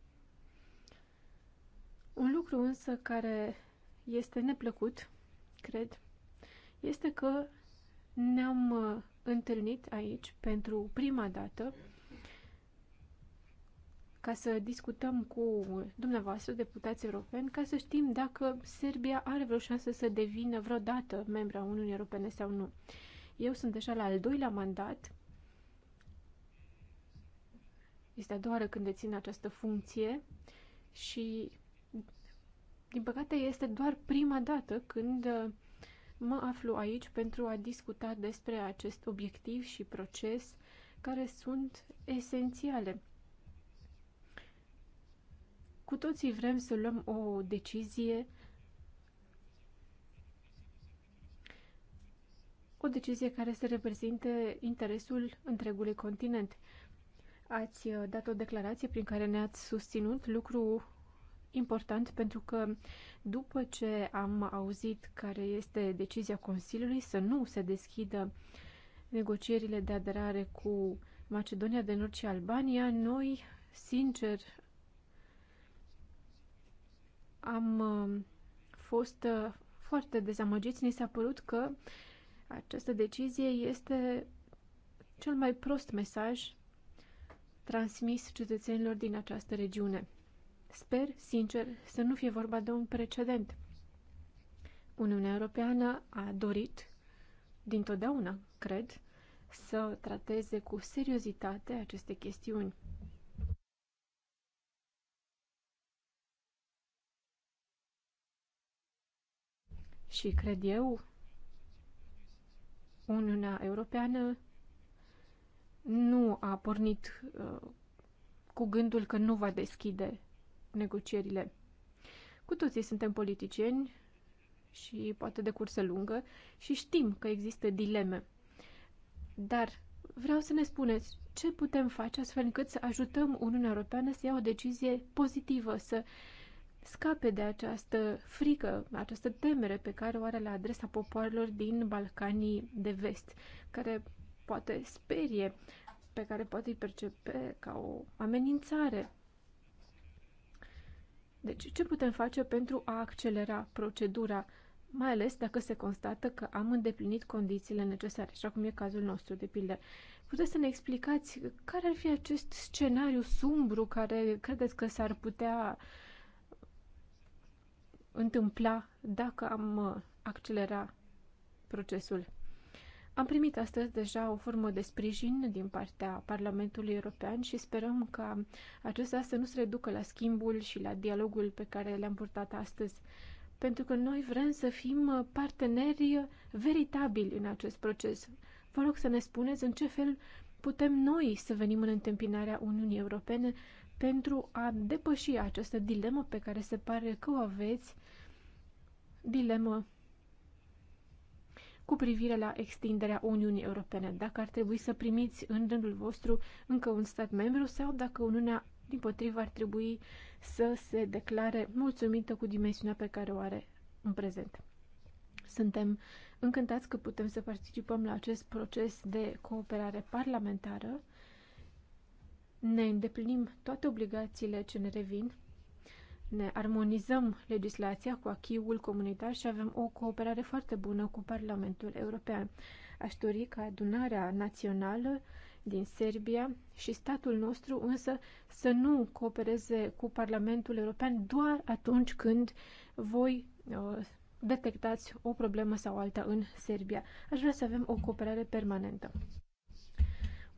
Un lucru însă care este neplăcut, cred, este că ne-am uh, întâlnit aici pentru prima dată ca să discutăm cu dumneavoastră, deputați europeni, ca să știm dacă Serbia are vreo șansă să devină vreodată membra Uniunii Europene sau nu. Eu sunt deja la al doilea mandat. Este a doua oară când dețin această funcție și, din păcate, este doar prima dată când uh, Mă aflu aici pentru a discuta despre acest obiectiv și proces care sunt esențiale. Cu toții vrem să luăm o decizie, o decizie care să reprezinte interesul întregului continent. Ați uh, dat o declarație prin care ne-ați susținut, lucru important pentru că după ce am auzit care este decizia Consiliului să nu se deschidă negocierile de aderare cu Macedonia de Nord și Albania, noi, sincer, am uh, fost uh, foarte dezamăgiți. Ni s-a părut că această decizie este cel mai prost mesaj transmis cetățenilor din această regiune. Sper, sincer, să nu fie vorba de un precedent. Uniunea Europeană a dorit, dintotdeauna, cred, să trateze cu seriozitate aceste chestiuni. Și cred eu, Uniunea Europeană nu a pornit uh, cu gândul că nu va deschide negocierile. Cu toții suntem politicieni și poate de cursă lungă și știm că există dileme. Dar vreau să ne spuneți ce putem face astfel încât să ajutăm Uniunea Europeană să ia o decizie pozitivă, să scape de această frică, această temere pe care o are la adresa popoarelor din Balcanii de vest, care poate sperie, pe care poate îi percepe ca o amenințare. Deci, ce putem face pentru a accelera procedura, mai ales dacă se constată că am îndeplinit condițiile necesare, așa cum e cazul nostru, de pildă? Puteți să ne explicați care ar fi acest scenariu sumbru care credeți că s-ar putea întâmpla dacă am uh, accelera procesul? Am primit astăzi deja o formă de sprijin din partea Parlamentului European și sperăm ca acesta să nu se reducă la schimbul și la dialogul pe care le-am purtat astăzi, pentru că noi vrem să fim parteneri veritabili în acest proces. Vă rog să ne spuneți în ce fel putem noi să venim în întâmpinarea Uniunii Europene pentru a depăși această dilemă pe care se pare că o aveți, dilemă cu privire la extinderea Uniunii Europene, dacă ar trebui să primiți în rândul vostru încă un stat membru sau dacă Uniunea, din potrivă, ar trebui să se declare mulțumită cu dimensiunea pe care o are în prezent. Suntem încântați că putem să participăm la acest proces de cooperare parlamentară. Ne îndeplinim toate obligațiile ce ne revin ne armonizăm legislația cu achiul comunitar și avem o cooperare foarte bună cu Parlamentul European. Aș dori ca adunarea națională din Serbia și statul nostru însă să nu coopereze cu Parlamentul European doar atunci când voi uh, detectați o problemă sau alta în Serbia. Aș vrea să avem o cooperare permanentă.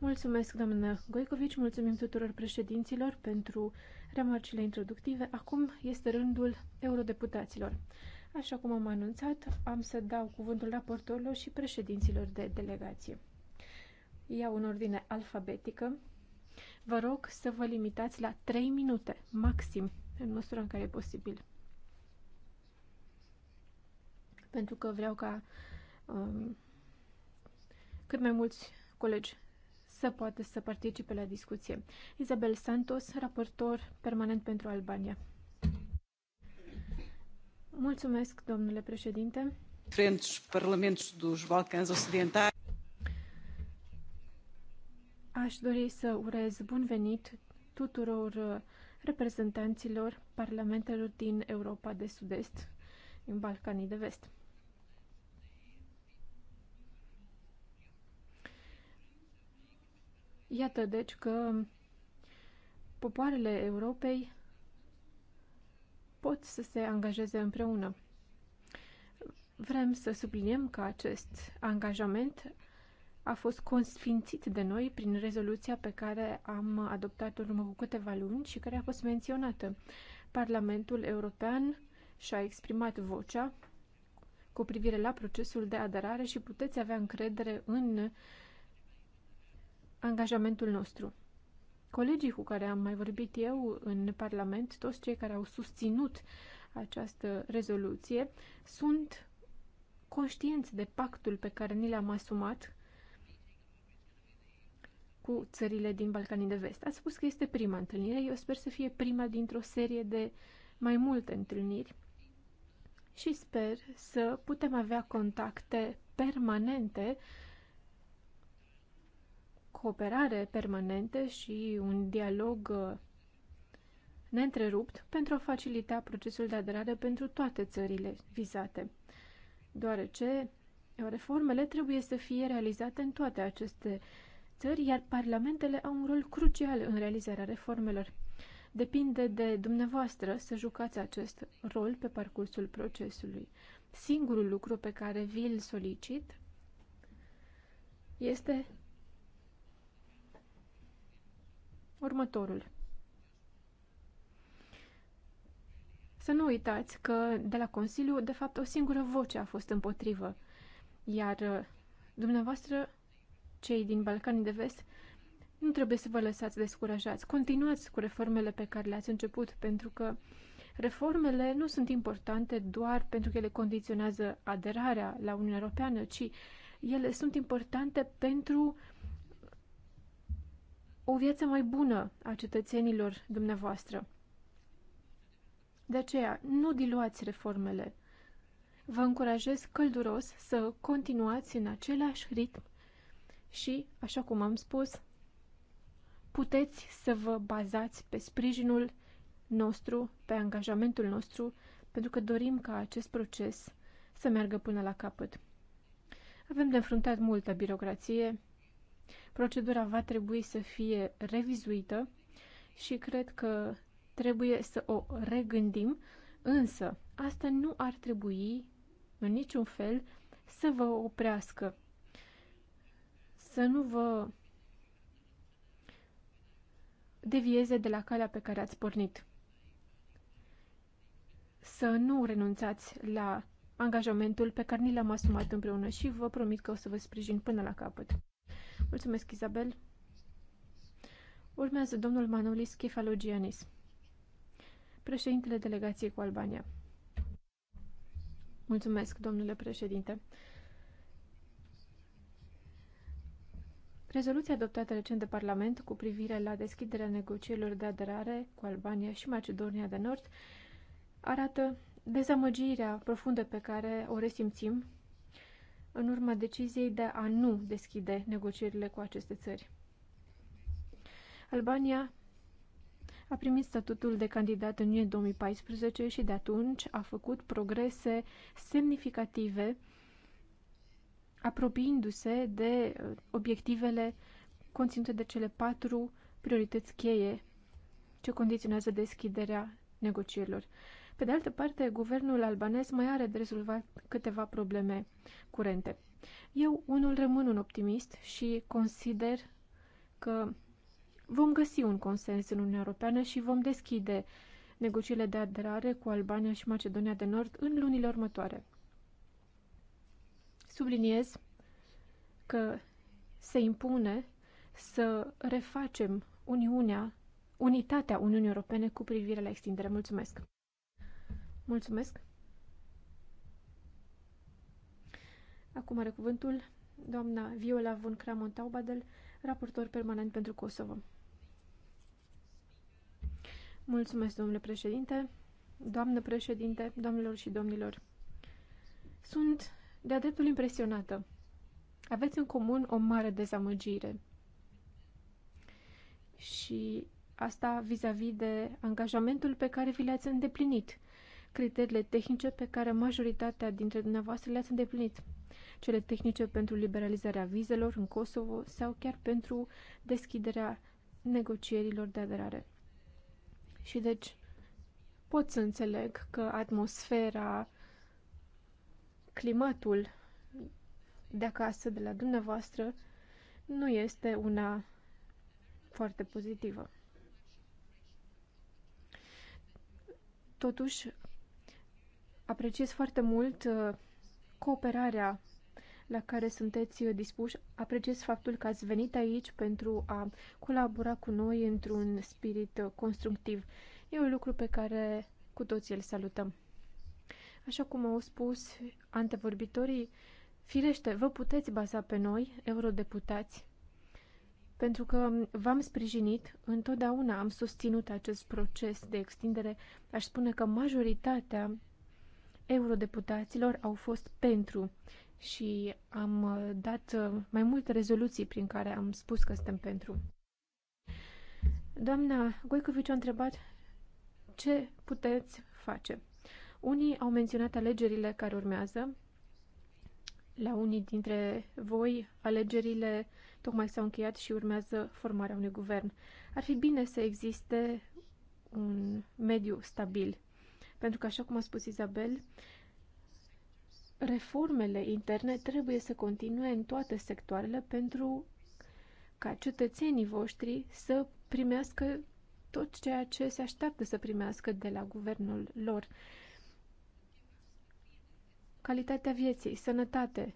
Mulțumesc, doamnă Goicovici, mulțumim tuturor președinților pentru remarcile introductive. Acum este rândul eurodeputaților. Așa cum am anunțat, am să dau cuvântul raportorilor și președinților de delegație. Iau în ordine alfabetică. Vă rog să vă limitați la 3 minute, maxim, în măsura în care e posibil. Pentru că vreau ca um, cât mai mulți colegi să poată să participe la discuție. Isabel Santos, raportor permanent pentru Albania. Mulțumesc, domnule președinte. Diferentes parlamentos dos Balcãs Ocidentais. Aș dori să urez bun venit tuturor reprezentanților parlamentelor din Europa de Sud-Est, în Balcanii de Vest. Iată, deci, că popoarele Europei pot să se angajeze împreună. Vrem să subliniem că acest angajament a fost consfințit de noi prin rezoluția pe care am adoptat-o urmă cu câteva luni și care a fost menționată. Parlamentul European și-a exprimat vocea cu privire la procesul de aderare și puteți avea încredere în angajamentul nostru. Colegii cu care am mai vorbit eu în Parlament, toți cei care au susținut această rezoluție, sunt conștienți de pactul pe care ni l-am asumat cu țările din Balcanii de Vest. Ați spus că este prima întâlnire, eu sper să fie prima dintr-o serie de mai multe întâlniri și sper să putem avea contacte permanente cooperare permanentă și un dialog uh, neîntrerupt pentru a facilita procesul de aderare pentru toate țările vizate, deoarece uh, reformele trebuie să fie realizate în toate aceste țări, iar parlamentele au un rol crucial în realizarea reformelor. Depinde de dumneavoastră să jucați acest rol pe parcursul procesului. Singurul lucru pe care vi-l solicit este următorul. Să nu uitați că de la Consiliu, de fapt, o singură voce a fost împotrivă, iar uh, dumneavoastră, cei din Balcanii de Vest, nu trebuie să vă lăsați descurajați. Continuați cu reformele pe care le-ați început, pentru că reformele nu sunt importante doar pentru că ele condiționează aderarea la Uniunea Europeană, ci ele sunt importante pentru uh, o viață mai bună a cetățenilor dumneavoastră. De aceea, nu diluați reformele. Vă încurajez călduros să continuați în același ritm și, așa cum am spus, puteți să vă bazați pe sprijinul nostru, pe angajamentul nostru, pentru că dorim ca acest proces să meargă până la capăt. Avem de înfruntat multă birocrație, Procedura va trebui să fie revizuită și cred că trebuie să o regândim, însă asta nu ar trebui în niciun fel să vă oprească, să nu vă devieze de la calea pe care ați pornit. Să nu renunțați la angajamentul pe care ni l-am asumat împreună și vă promit că o să vă sprijin până la capăt. Mulțumesc, Isabel. Urmează domnul Manolis Kefalogianis, președintele delegației cu Albania. Mulțumesc, domnule președinte. Rezoluția adoptată recent de Parlament cu privire la deschiderea negocierilor de aderare cu Albania și Macedonia de Nord arată dezamăgirea profundă pe care o resimțim în urma deciziei de a nu deschide negocierile cu aceste țări. Albania a primit statutul de candidat în iunie 2014 și de atunci a făcut progrese semnificative apropiindu-se de uh, obiectivele conținute de cele patru priorități cheie ce condiționează deschiderea negocierilor. Pe de altă parte, guvernul albanez mai are de rezolvat câteva probleme curente. Eu, unul, rămân un optimist și consider că vom găsi un consens în Uniunea Europeană și vom deschide negocierile de aderare cu Albania și Macedonia de Nord în lunile următoare. Subliniez că se impune să refacem Uniunea, unitatea Uniunii Europene cu privire la extindere. Mulțumesc! Mulțumesc! Acum are cuvântul doamna Viola von Cramon Taubadel, raportor permanent pentru Kosovo. Mulțumesc, domnule președinte, doamnă președinte, domnilor și domnilor. Sunt de-a dreptul impresionată. Aveți în comun o mare dezamăgire. Și asta vis-a-vis -vis de angajamentul pe care vi l-ați îndeplinit – criteriile tehnice pe care majoritatea dintre dumneavoastră le-ați îndeplinit. Cele tehnice pentru liberalizarea vizelor în Kosovo sau chiar pentru deschiderea negocierilor de aderare. Și deci pot să înțeleg că atmosfera, climatul de acasă, de la dumneavoastră, nu este una foarte pozitivă. Totuși, Apreciez foarte mult uh, cooperarea la care sunteți uh, dispuși. Apreciez faptul că ați venit aici pentru a colabora cu noi într-un spirit uh, constructiv. E un lucru pe care cu toții îl salutăm. Așa cum au spus antevorbitorii, firește, vă puteți baza pe noi, eurodeputați, pentru că v-am sprijinit, întotdeauna am susținut acest proces de extindere. Aș spune că majoritatea eurodeputaților au fost pentru și am uh, dat uh, mai multe rezoluții prin care am spus că suntem pentru. Doamna Goicoviciu a întrebat ce puteți face. Unii au menționat alegerile care urmează. La unii dintre voi, alegerile tocmai s-au încheiat și urmează formarea unui guvern. Ar fi bine să existe un mediu stabil pentru că, așa cum a spus Izabel, reformele interne trebuie să continue în toate sectoarele pentru ca cetățenii voștri să primească tot ceea ce se așteaptă să primească de la guvernul lor. Calitatea vieții, sănătate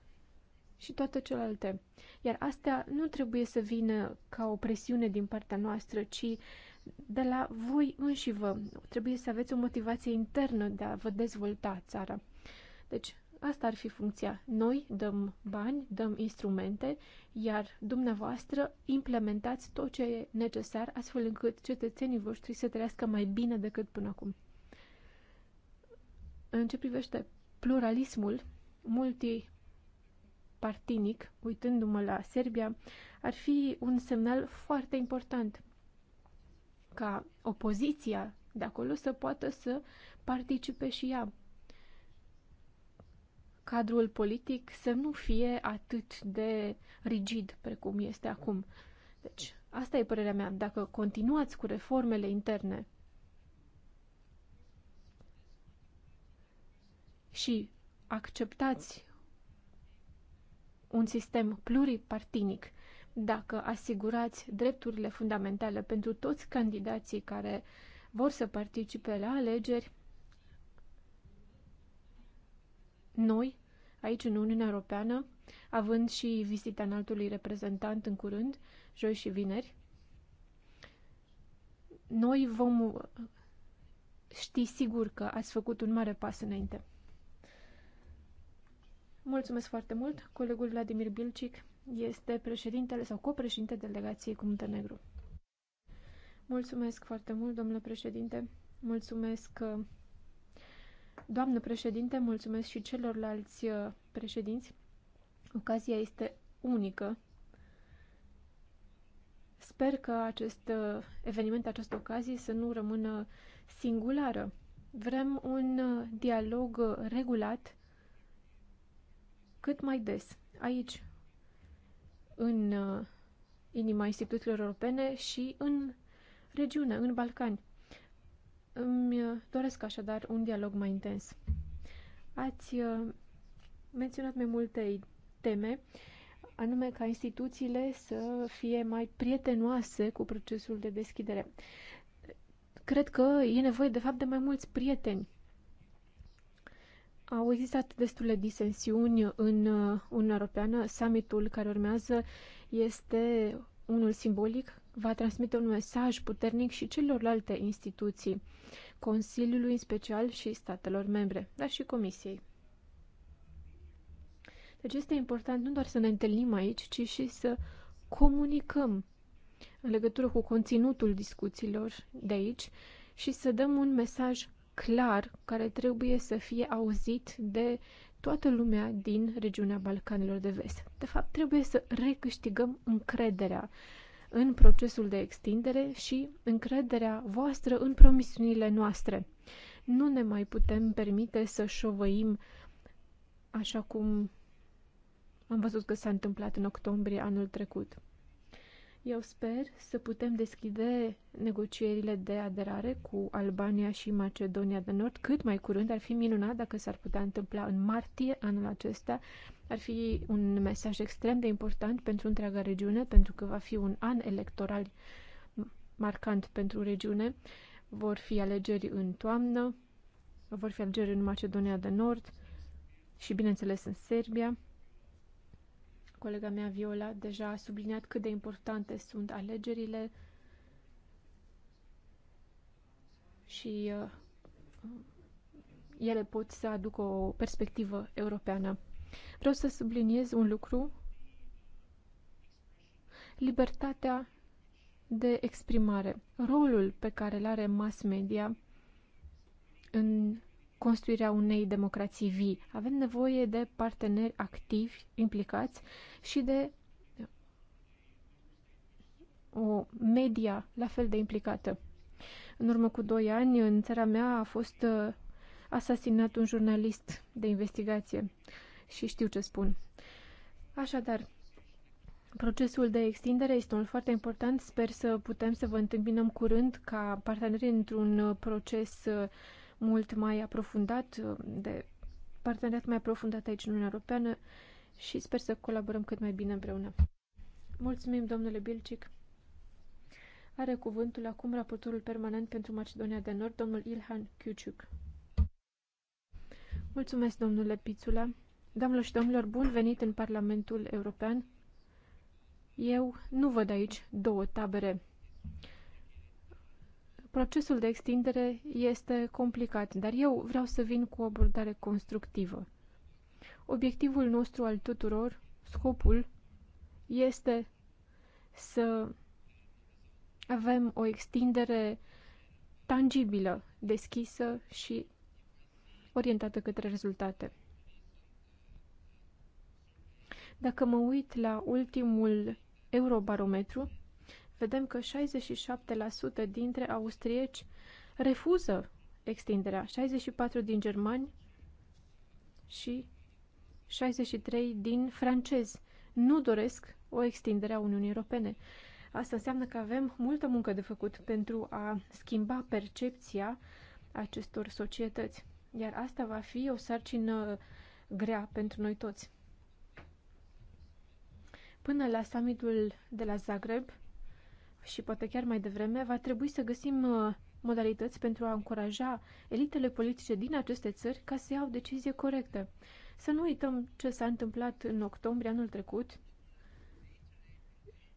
și toate celelalte. Iar astea nu trebuie să vină ca o presiune din partea noastră, ci de la voi înși vă. Trebuie să aveți o motivație internă de a vă dezvolta țara. Deci, asta ar fi funcția. Noi dăm bani, dăm instrumente, iar dumneavoastră implementați tot ce e necesar, astfel încât cetățenii voștri să trăiască mai bine decât până acum. În ce privește pluralismul multipartinic, uitându-mă la Serbia, ar fi un semnal foarte important ca opoziția de acolo să poată să participe și ea. Cadrul politic să nu fie atât de rigid precum este acum. Deci, asta e părerea mea. Dacă continuați cu reformele interne și acceptați un sistem pluripartinic dacă asigurați drepturile fundamentale pentru toți candidații care vor să participe la alegeri, noi, aici în Uniunea Europeană, având și vizita înaltului reprezentant în curând, joi și vineri, noi vom ști sigur că ați făcut un mare pas înainte. Mulțumesc foarte mult, colegul Vladimir Bilcic este președintele sau copreședinte delegației cu Muntenegru. Mulțumesc foarte mult, domnule președinte. Mulțumesc, uh, doamnă președinte, mulțumesc și celorlalți uh, președinți. Ocazia este unică. Sper că acest uh, eveniment, această ocazie să nu rămână singulară. Vrem un dialog regulat cât mai des, aici, în uh, inima instituțiilor europene și în regiune, în Balcani. Îmi uh, doresc așadar un dialog mai intens. Ați uh, menționat mai multe teme, anume ca instituțiile să fie mai prietenoase cu procesul de deschidere. Cred că e nevoie, de fapt, de mai mulți prieteni au existat destule disensiuni în uh, Uniunea Europeană. Summitul care urmează este unul simbolic, va transmite un mesaj puternic și celorlalte instituții, Consiliului în special și statelor membre, dar și Comisiei. Deci este important nu doar să ne întâlnim aici, ci și să comunicăm în legătură cu conținutul discuțiilor de aici și să dăm un mesaj clar care trebuie să fie auzit de toată lumea din regiunea Balcanilor de Vest. De fapt, trebuie să recâștigăm încrederea în procesul de extindere și încrederea voastră în promisiunile noastre. Nu ne mai putem permite să șovăim așa cum am văzut că s-a întâmplat în octombrie anul trecut. Eu sper să putem deschide negocierile de aderare cu Albania și Macedonia de Nord cât mai curând. Ar fi minunat dacă s-ar putea întâmpla în martie anul acesta. Ar fi un mesaj extrem de important pentru întreaga regiune, pentru că va fi un an electoral marcant pentru regiune. Vor fi alegeri în toamnă, vor fi alegeri în Macedonia de Nord și, bineînțeles, în Serbia. Colega mea, Viola, deja a subliniat cât de importante sunt alegerile și uh, ele pot să aducă o perspectivă europeană. Vreau să subliniez un lucru. Libertatea de exprimare, rolul pe care îl are mass media în construirea unei democrații vii. Avem nevoie de parteneri activi, implicați și de o media la fel de implicată. În urmă cu doi ani, în țara mea a fost uh, asasinat un jurnalist de investigație și știu ce spun. Așadar, procesul de extindere este unul foarte important. Sper să putem să vă întâmpinăm curând ca parteneri într-un uh, proces uh, mult mai aprofundat, de parteneriat mai aprofundat aici în Uniunea Europeană și sper să colaborăm cât mai bine împreună. Mulțumim, domnule Bilcic. Are cuvântul acum raportorul permanent pentru Macedonia de Nord, domnul Ilhan Kiuciuc. Mulțumesc, domnule Pițula. Doamnelor și domnilor, bun venit în Parlamentul European. Eu nu văd aici două tabere. Procesul de extindere este complicat, dar eu vreau să vin cu o abordare constructivă. Obiectivul nostru al tuturor, scopul, este să avem o extindere tangibilă, deschisă și orientată către rezultate. Dacă mă uit la ultimul eurobarometru, vedem că 67% dintre austrieci refuză extinderea, 64% din germani și 63% din francezi nu doresc o extindere a Uniunii Europene. Asta înseamnă că avem multă muncă de făcut pentru a schimba percepția acestor societăți. Iar asta va fi o sarcină grea pentru noi toți. Până la summitul de la Zagreb, și poate chiar mai devreme, va trebui să găsim uh, modalități pentru a încuraja elitele politice din aceste țări ca să iau decizie corectă. Să nu uităm ce s-a întâmplat în octombrie anul trecut.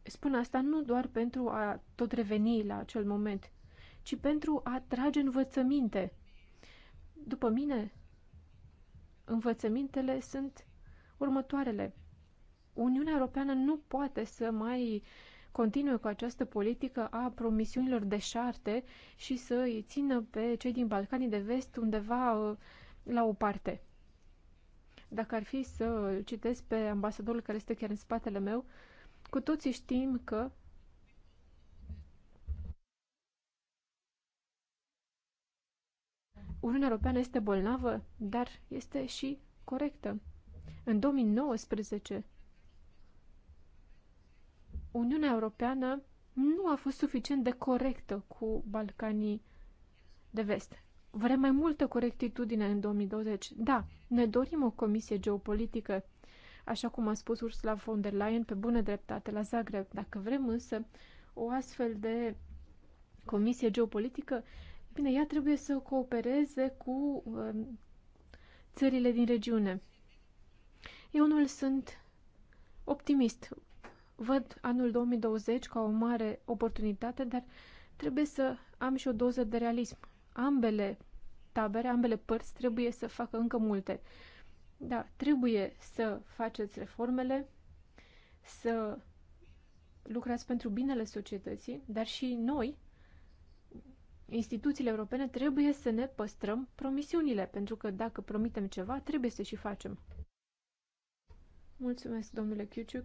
Spun asta nu doar pentru a tot reveni la acel moment, ci pentru a trage învățăminte. După mine, învățămintele sunt următoarele. Uniunea Europeană nu poate să mai uh, continue cu această politică a promisiunilor deșarte și să îi țină pe cei din Balcanii de Vest undeva uh, la o parte. Dacă ar fi să citesc pe ambasadorul care este chiar în spatele meu, cu toții știm că Uniunea Europeană este bolnavă, dar este și corectă. În 2019, Uniunea Europeană nu a fost suficient de corectă cu Balcanii de vest. Vrem mai multă corectitudine în 2020. Da, ne dorim o comisie geopolitică, așa cum a spus Ursula von der Leyen pe bună dreptate la Zagreb. Dacă vrem însă o astfel de comisie geopolitică, bine, ea trebuie să coopereze cu um, țările din regiune. Eu unul sunt optimist Văd anul 2020 ca o mare oportunitate, dar trebuie să am și o doză de realism. Ambele tabere, ambele părți trebuie să facă încă multe. Da, trebuie să faceți reformele, să lucrați pentru binele societății, dar și noi, instituțiile europene, trebuie să ne păstrăm promisiunile, pentru că dacă promitem ceva, trebuie să și facem. Mulțumesc, domnule Chiuciuc.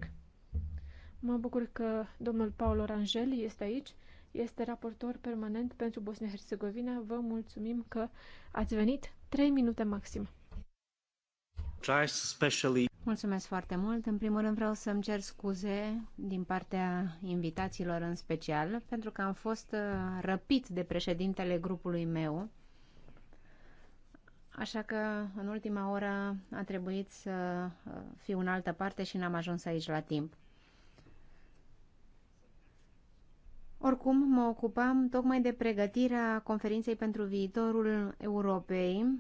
Mă bucur că domnul Paul Orangel este aici, este raportor permanent pentru Bosnia-Herzegovina. Vă mulțumim că ați venit. Trei minute maxim. Mulțumesc foarte mult. În primul rând vreau să-mi cer scuze din partea invitațiilor în special, pentru că am fost uh, răpit de președintele grupului meu. Așa că în ultima oră a trebuit să uh, fiu în altă parte și n-am ajuns aici la timp. Oricum, mă ocupam tocmai de pregătirea conferinței pentru viitorul Europei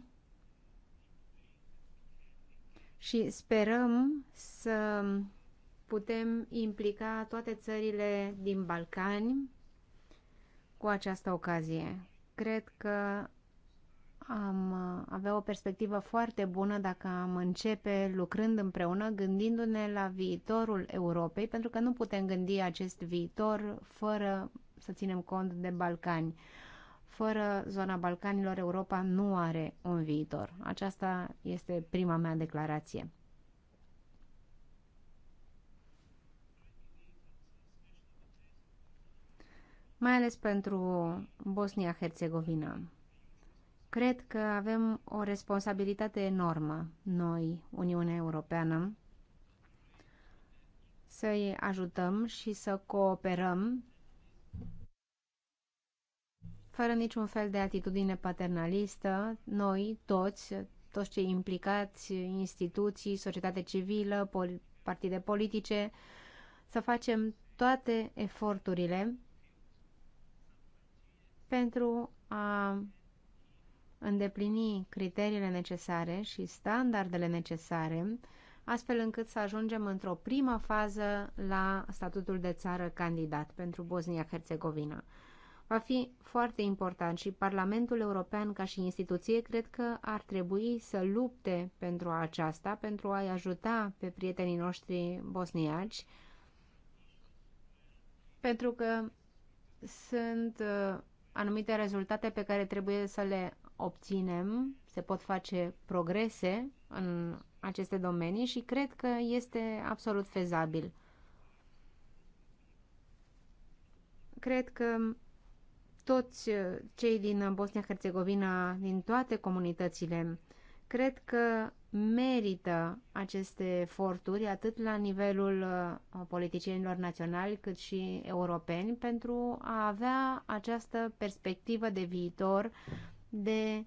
și sperăm să putem implica toate țările din Balcani cu această ocazie. Cred că am uh, avea o perspectivă foarte bună dacă am începe lucrând împreună, gândindu-ne la viitorul Europei, pentru că nu putem gândi acest viitor fără să ținem cont de Balcani. Fără zona Balcanilor, Europa nu are un viitor. Aceasta este prima mea declarație. Mai ales pentru Bosnia-Herzegovina. Cred că avem o responsabilitate enormă, noi, Uniunea Europeană, să-i ajutăm și să cooperăm fără niciun fel de atitudine paternalistă, noi, toți, toți cei implicați, instituții, societate civilă, pol partide politice, să facem toate eforturile pentru a îndeplini criteriile necesare și standardele necesare, astfel încât să ajungem într-o primă fază la statutul de țară candidat pentru Bosnia-Herzegovina. Va fi foarte important și Parlamentul European ca și instituție cred că ar trebui să lupte pentru aceasta, pentru a-i ajuta pe prietenii noștri bosniaci, pentru că sunt uh, anumite rezultate pe care trebuie să le obținem, se pot face progrese în aceste domenii și cred că este absolut fezabil. Cred că toți cei din Bosnia-Herzegovina, din toate comunitățile, cred că merită aceste eforturi, atât la nivelul uh, politicienilor naționali, cât și europeni, pentru a avea această perspectivă de viitor de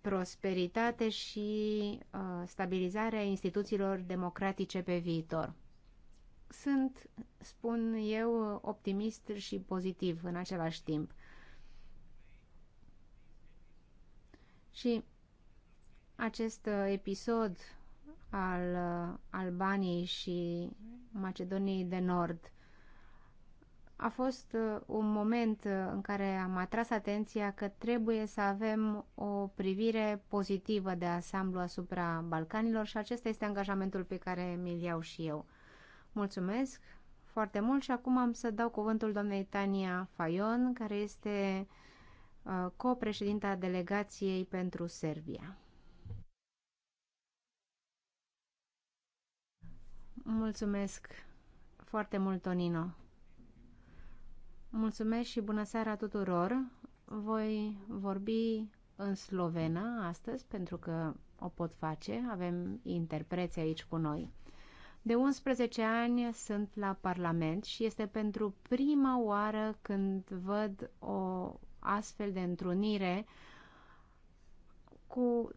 prosperitate și uh, stabilizarea instituțiilor democratice pe viitor. Sunt, spun eu, optimist și pozitiv în același timp. Și acest uh, episod al uh, Albaniei și Macedoniei de Nord a fost uh, un moment uh, în care am atras atenția că trebuie să avem o privire pozitivă de asamblu asupra Balcanilor și acesta este angajamentul pe care mi-l iau și eu. Mulțumesc foarte mult și acum am să dau cuvântul doamnei Tania Fayon, care este uh, copreședinta delegației pentru Serbia. Mulțumesc foarte mult, Tonino. Mulțumesc și bună seara tuturor! Voi vorbi în slovenă astăzi, pentru că o pot face, avem interpreți aici cu noi. De 11 ani sunt la Parlament și este pentru prima oară când văd o astfel de întrunire cu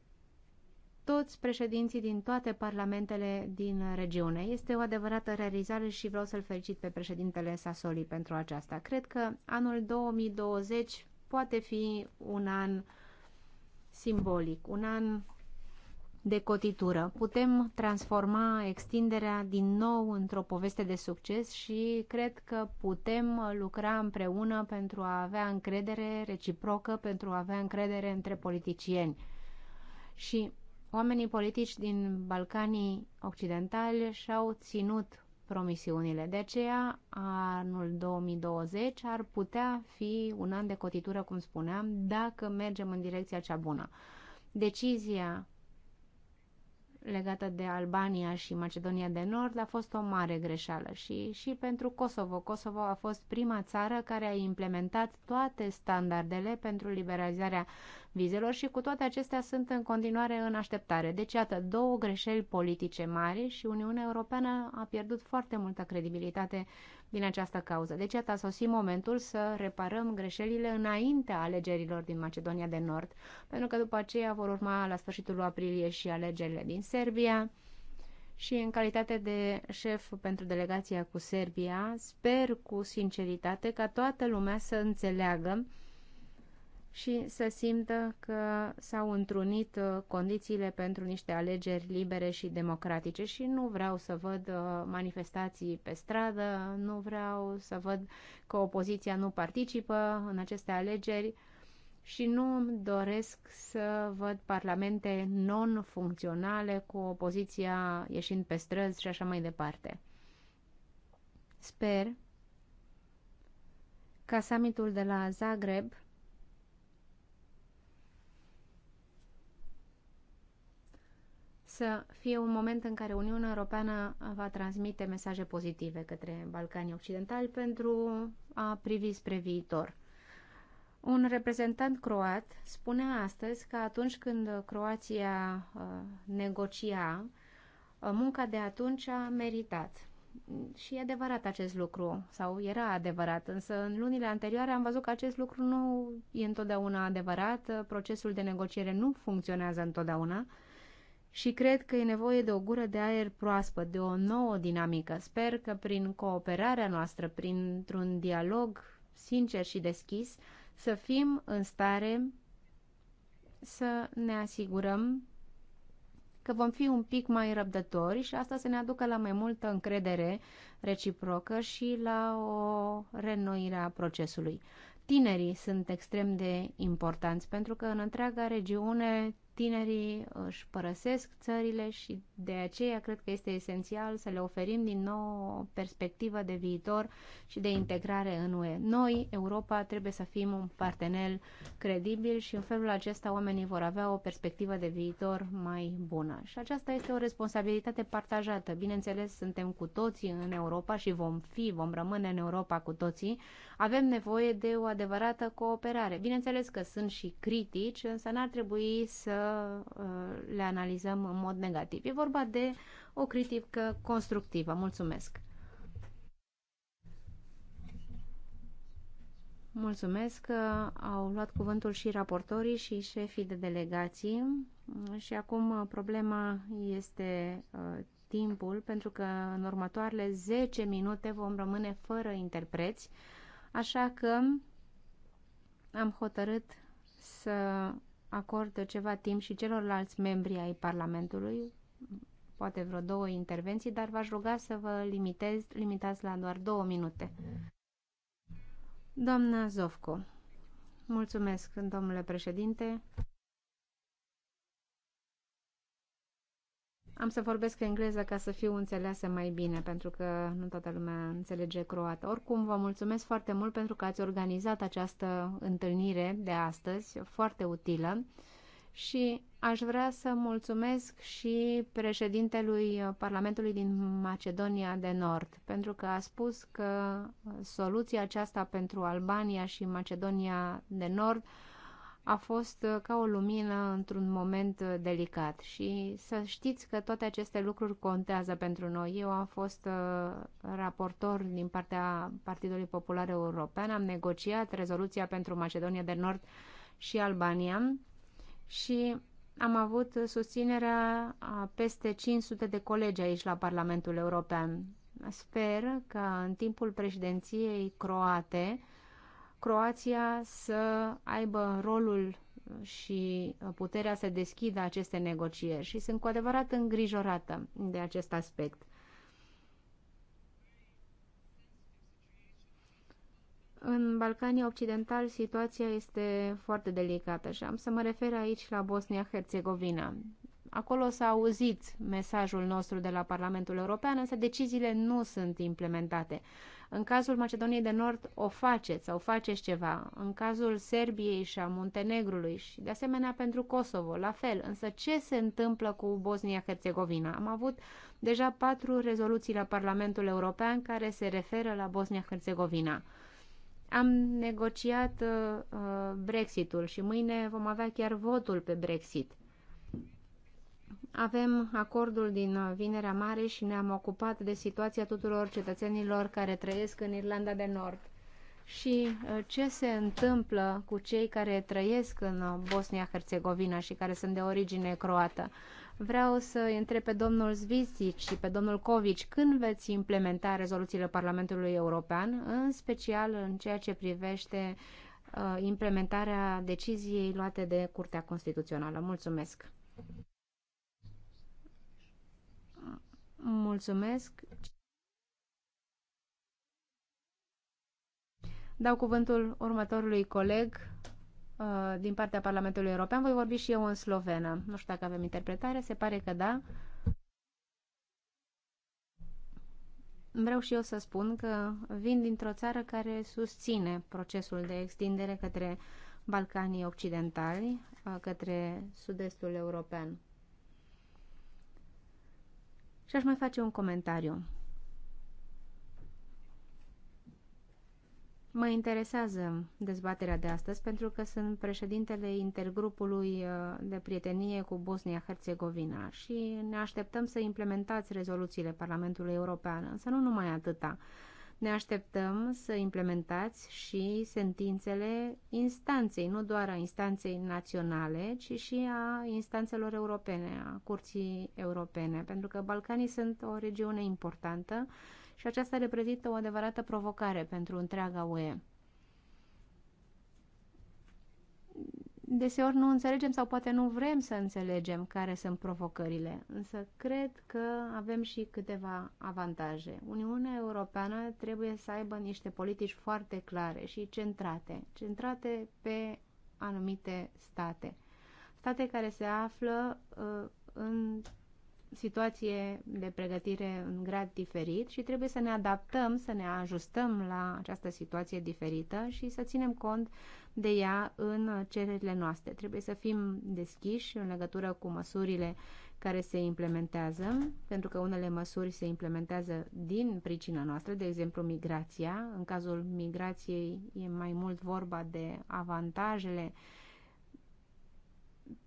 toți președinții din toate parlamentele din regiune. Este o adevărată realizare și vreau să-l felicit pe președintele Sassoli pentru aceasta. Cred că anul 2020 poate fi un an simbolic, un an de cotitură. Putem transforma extinderea din nou într-o poveste de succes și cred că putem lucra împreună pentru a avea încredere reciprocă, pentru a avea încredere între politicieni. Și Oamenii politici din Balcanii Occidentali și-au ținut promisiunile. De aceea, anul 2020 ar putea fi un an de cotitură, cum spuneam, dacă mergem în direcția cea bună. Decizia legată de Albania și Macedonia de Nord a fost o mare greșeală și, și pentru Kosovo. Kosovo a fost prima țară care a implementat toate standardele pentru liberalizarea vizelor și cu toate acestea sunt în continuare în așteptare. Deci, iată, două greșeli politice mari și Uniunea Europeană a pierdut foarte multă credibilitate din această cauză. Deci, iată, a sosit momentul să reparăm greșelile înaintea alegerilor din Macedonia de Nord, pentru că după aceea vor urma la sfârșitul aprilie și alegerile din Serbia. Și în calitate de șef pentru delegația cu Serbia, sper cu sinceritate ca toată lumea să înțeleagă și să simtă că s-au întrunit uh, condițiile pentru niște alegeri libere și democratice și nu vreau să văd uh, manifestații pe stradă, nu vreau să văd că opoziția nu participă în aceste alegeri și nu doresc să văd parlamente non-funcționale cu opoziția ieșind pe străzi și așa mai departe. Sper ca summitul de la Zagreb să fie un moment în care Uniunea Europeană va transmite mesaje pozitive către Balcanii Occidentali pentru a privi spre viitor. Un reprezentant croat spunea astăzi că atunci când Croația uh, negocia, uh, munca de atunci a meritat. Și e adevărat acest lucru, sau era adevărat, însă în lunile anterioare am văzut că acest lucru nu e întotdeauna adevărat, uh, procesul de negociere nu funcționează întotdeauna, uh, și cred că e nevoie de o gură de aer proaspăt, de o nouă dinamică. Sper că prin cooperarea noastră, printr-un dialog sincer și deschis, să fim în stare să ne asigurăm că vom fi un pic mai răbdători și asta să ne aducă la mai multă încredere reciprocă și la o reînnoire a procesului. Tinerii sunt extrem de importanți pentru că în întreaga regiune tinerii își părăsesc țările și de aceea cred că este esențial să le oferim din nou o perspectivă de viitor și de integrare în UE. Noi, Europa, trebuie să fim un partener credibil și în felul acesta oamenii vor avea o perspectivă de viitor mai bună. Și aceasta este o responsabilitate partajată. Bineînțeles, suntem cu toții în Europa și vom fi, vom rămâne în Europa cu toții, avem nevoie de o adevărată cooperare. Bineînțeles că sunt și critici, însă n-ar trebui să uh, le analizăm în mod negativ. E vorba de o critică constructivă. Mulțumesc! Mulțumesc că uh, au luat cuvântul și raportorii și șefii de delegații și acum uh, problema este uh, timpul pentru că în următoarele 10 minute vom rămâne fără interpreți. Așa că am hotărât să acord ceva timp și celorlalți membri ai Parlamentului, poate vreo două intervenții, dar v-aș ruga să vă limitez, limitați la doar două minute. Doamna Zovco, mulțumesc, domnule președinte. Am să vorbesc engleză ca să fiu înțeleasă mai bine, pentru că nu toată lumea înțelege croată. Oricum, vă mulțumesc foarte mult pentru că ați organizat această întâlnire de astăzi, foarte utilă, și aș vrea să mulțumesc și președintelui Parlamentului din Macedonia de Nord, pentru că a spus că soluția aceasta pentru Albania și Macedonia de Nord a fost uh, ca o lumină într-un moment uh, delicat și să știți că toate aceste lucruri contează pentru noi. Eu am fost uh, raportor din partea Partidului Popular European, am negociat rezoluția pentru Macedonia de Nord și Albania și am avut susținerea a peste 500 de colegi aici la Parlamentul European. Sper că în timpul președinției croate Croația să aibă rolul și puterea să deschidă aceste negocieri și sunt cu adevărat îngrijorată de acest aspect. În Balcanii Occidentali situația este foarte delicată și am să mă refer aici la Bosnia-Herzegovina. Acolo s-a auzit mesajul nostru de la Parlamentul European, însă deciziile nu sunt implementate. În cazul Macedoniei de Nord o faceți sau faceți ceva, în cazul Serbiei și a Muntenegrului și de asemenea pentru Kosovo, la fel. Însă ce se întâmplă cu Bosnia-Herzegovina? Am avut deja patru rezoluții la Parlamentul European care se referă la Bosnia-Herzegovina am negociat uh, uh, Brexitul și mâine vom avea chiar votul pe Brexit. Avem acordul din Vinerea Mare și ne-am ocupat de situația tuturor cetățenilor care trăiesc în Irlanda de Nord. Și uh, ce se întâmplă cu cei care trăiesc în uh, Bosnia-Herzegovina și care sunt de origine croată? Vreau să întreb pe domnul Zvisic și pe domnul Covici când veți implementa rezoluțiile Parlamentului European, în special în ceea ce privește uh, implementarea deciziei luate de Curtea Constituțională. Mulțumesc! Mulțumesc. Dau cuvântul următorului coleg uh, din partea Parlamentului European. Voi vorbi și eu în slovenă. Nu știu dacă avem interpretare, se pare că da. Vreau și eu să spun că vin dintr-o țară care susține procesul de extindere către Balcanii Occidentali, uh, către sud-estul european. Și aș mai face un comentariu. Mă interesează dezbaterea de astăzi pentru că sunt președintele intergrupului uh, de prietenie cu Bosnia-Herzegovina și ne așteptăm să implementați rezoluțiile Parlamentului European, însă nu numai atâta. Ne așteptăm să implementați și sentințele instanței, nu doar a instanței naționale, ci și a instanțelor europene, a curții europene, pentru că Balcanii sunt o regiune importantă și aceasta reprezintă o adevărată provocare pentru întreaga UE. deseori nu înțelegem sau poate nu vrem să înțelegem care sunt provocările, însă cred că avem și câteva avantaje. Uniunea Europeană trebuie să aibă niște politici foarte clare și centrate, centrate pe anumite state. State care se află uh, în situație de pregătire în grad diferit și trebuie să ne adaptăm, să ne ajustăm la această situație diferită și să ținem cont de ea în cererile noastre. Trebuie să fim deschiși în legătură cu măsurile care se implementează, pentru că unele măsuri se implementează din pricina noastră, de exemplu migrația. În cazul migrației e mai mult vorba de avantajele uh,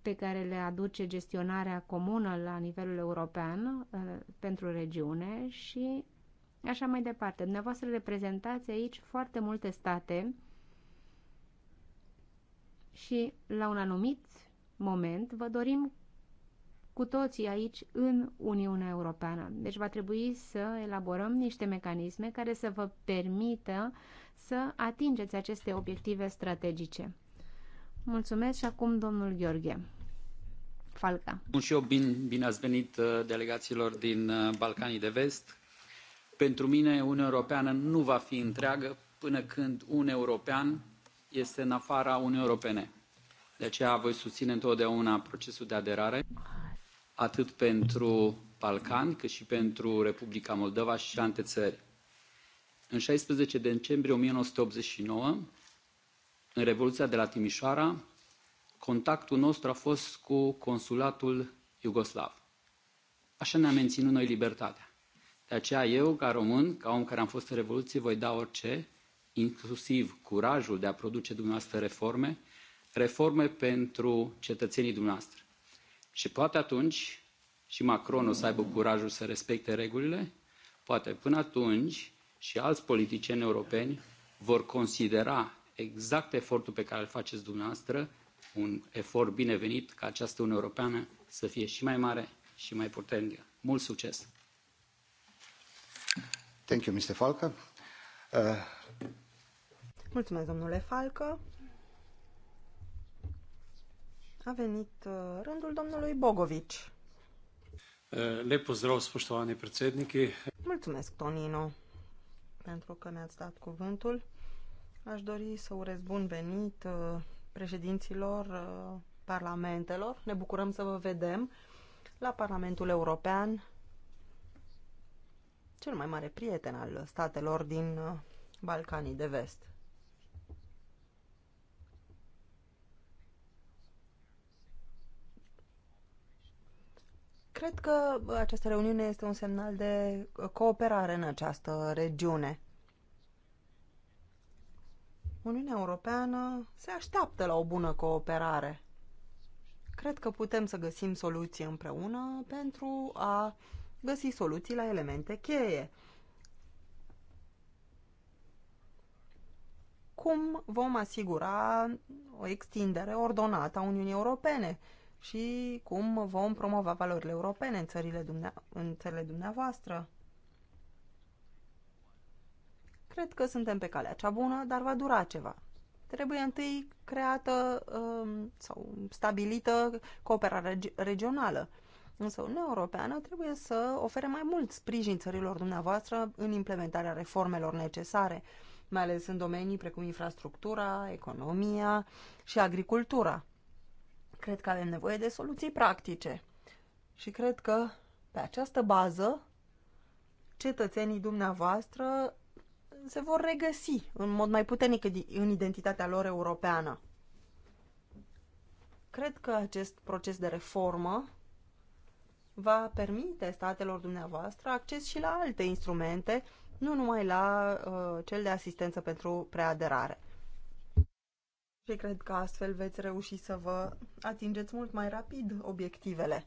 pe care le aduce gestionarea comună la nivelul european uh, pentru regiune și așa mai departe. Dumneavoastră reprezentați aici foarte multe state și la un anumit moment vă dorim cu toții aici în Uniunea Europeană. Deci va trebui să elaborăm niște mecanisme care să vă permită să atingeți aceste obiective strategice. Mulțumesc și acum domnul Gheorghe. Falca. Bun și eu bine, bine ați venit uh, delegațiilor din uh, Balcanii de Vest. Pentru mine, Uniunea Europeană nu va fi întreagă până când un european este în afara Uniunii Europene. De aceea voi susține întotdeauna procesul de aderare, atât pentru Balcani, cât și pentru Republica Moldova și alte țări. În 16 decembrie 1989, în Revoluția de la Timișoara, contactul nostru a fost cu consulatul iugoslav. Așa ne-a menținut noi libertatea. De aceea eu, ca român, ca om care am fost în Revoluție, voi da orice, inclusiv curajul de a produce dumneavoastră reforme, reforme pentru cetățenii dumneavoastră. Și poate atunci și Macron o să aibă curajul să respecte regulile, poate până atunci și alți politicieni europeni vor considera exact efortul pe care îl faceți dumneavoastră, un efort binevenit ca această Uniune Europeană să fie și mai mare și mai puternică. Mult succes! Thank you, Mr. Falcă. Uh... Mulțumesc, domnule Falcă. A venit uh, rândul domnului Bogovici. Uh, Lep pozdrav, spoștovani predsedniki. Mulțumesc, Tonino, pentru că mi-ați dat cuvântul. Aș dori să urez bun venit uh, președinților uh, parlamentelor. Ne bucurăm să vă vedem la Parlamentul European, cel mai mare prieten al statelor din uh, Balcanii de Vest. Cred că această reuniune este un semnal de cooperare în această regiune. Uniunea Europeană se așteaptă la o bună cooperare. Cred că putem să găsim soluții împreună pentru a găsi soluții la elemente cheie. Cum vom asigura o extindere ordonată a Uniunii Europene și cum vom promova valorile europene în țările, dumnea- în țările dumneavoastră? Cred că suntem pe calea cea bună, dar va dura ceva. Trebuie întâi creată um, sau stabilită cooperarea regională. Însă Uniunea Europeană trebuie să ofere mai mult sprijin țărilor dumneavoastră în implementarea reformelor necesare, mai ales în domenii precum infrastructura, economia și agricultura. Cred că avem nevoie de soluții practice și cred că pe această bază cetățenii dumneavoastră se vor regăsi în mod mai puternic în identitatea lor europeană. Cred că acest proces de reformă va permite statelor dumneavoastră acces și la alte instrumente, nu numai la uh, cel de asistență pentru preaderare. Și cred că astfel veți reuși să vă atingeți mult mai rapid obiectivele.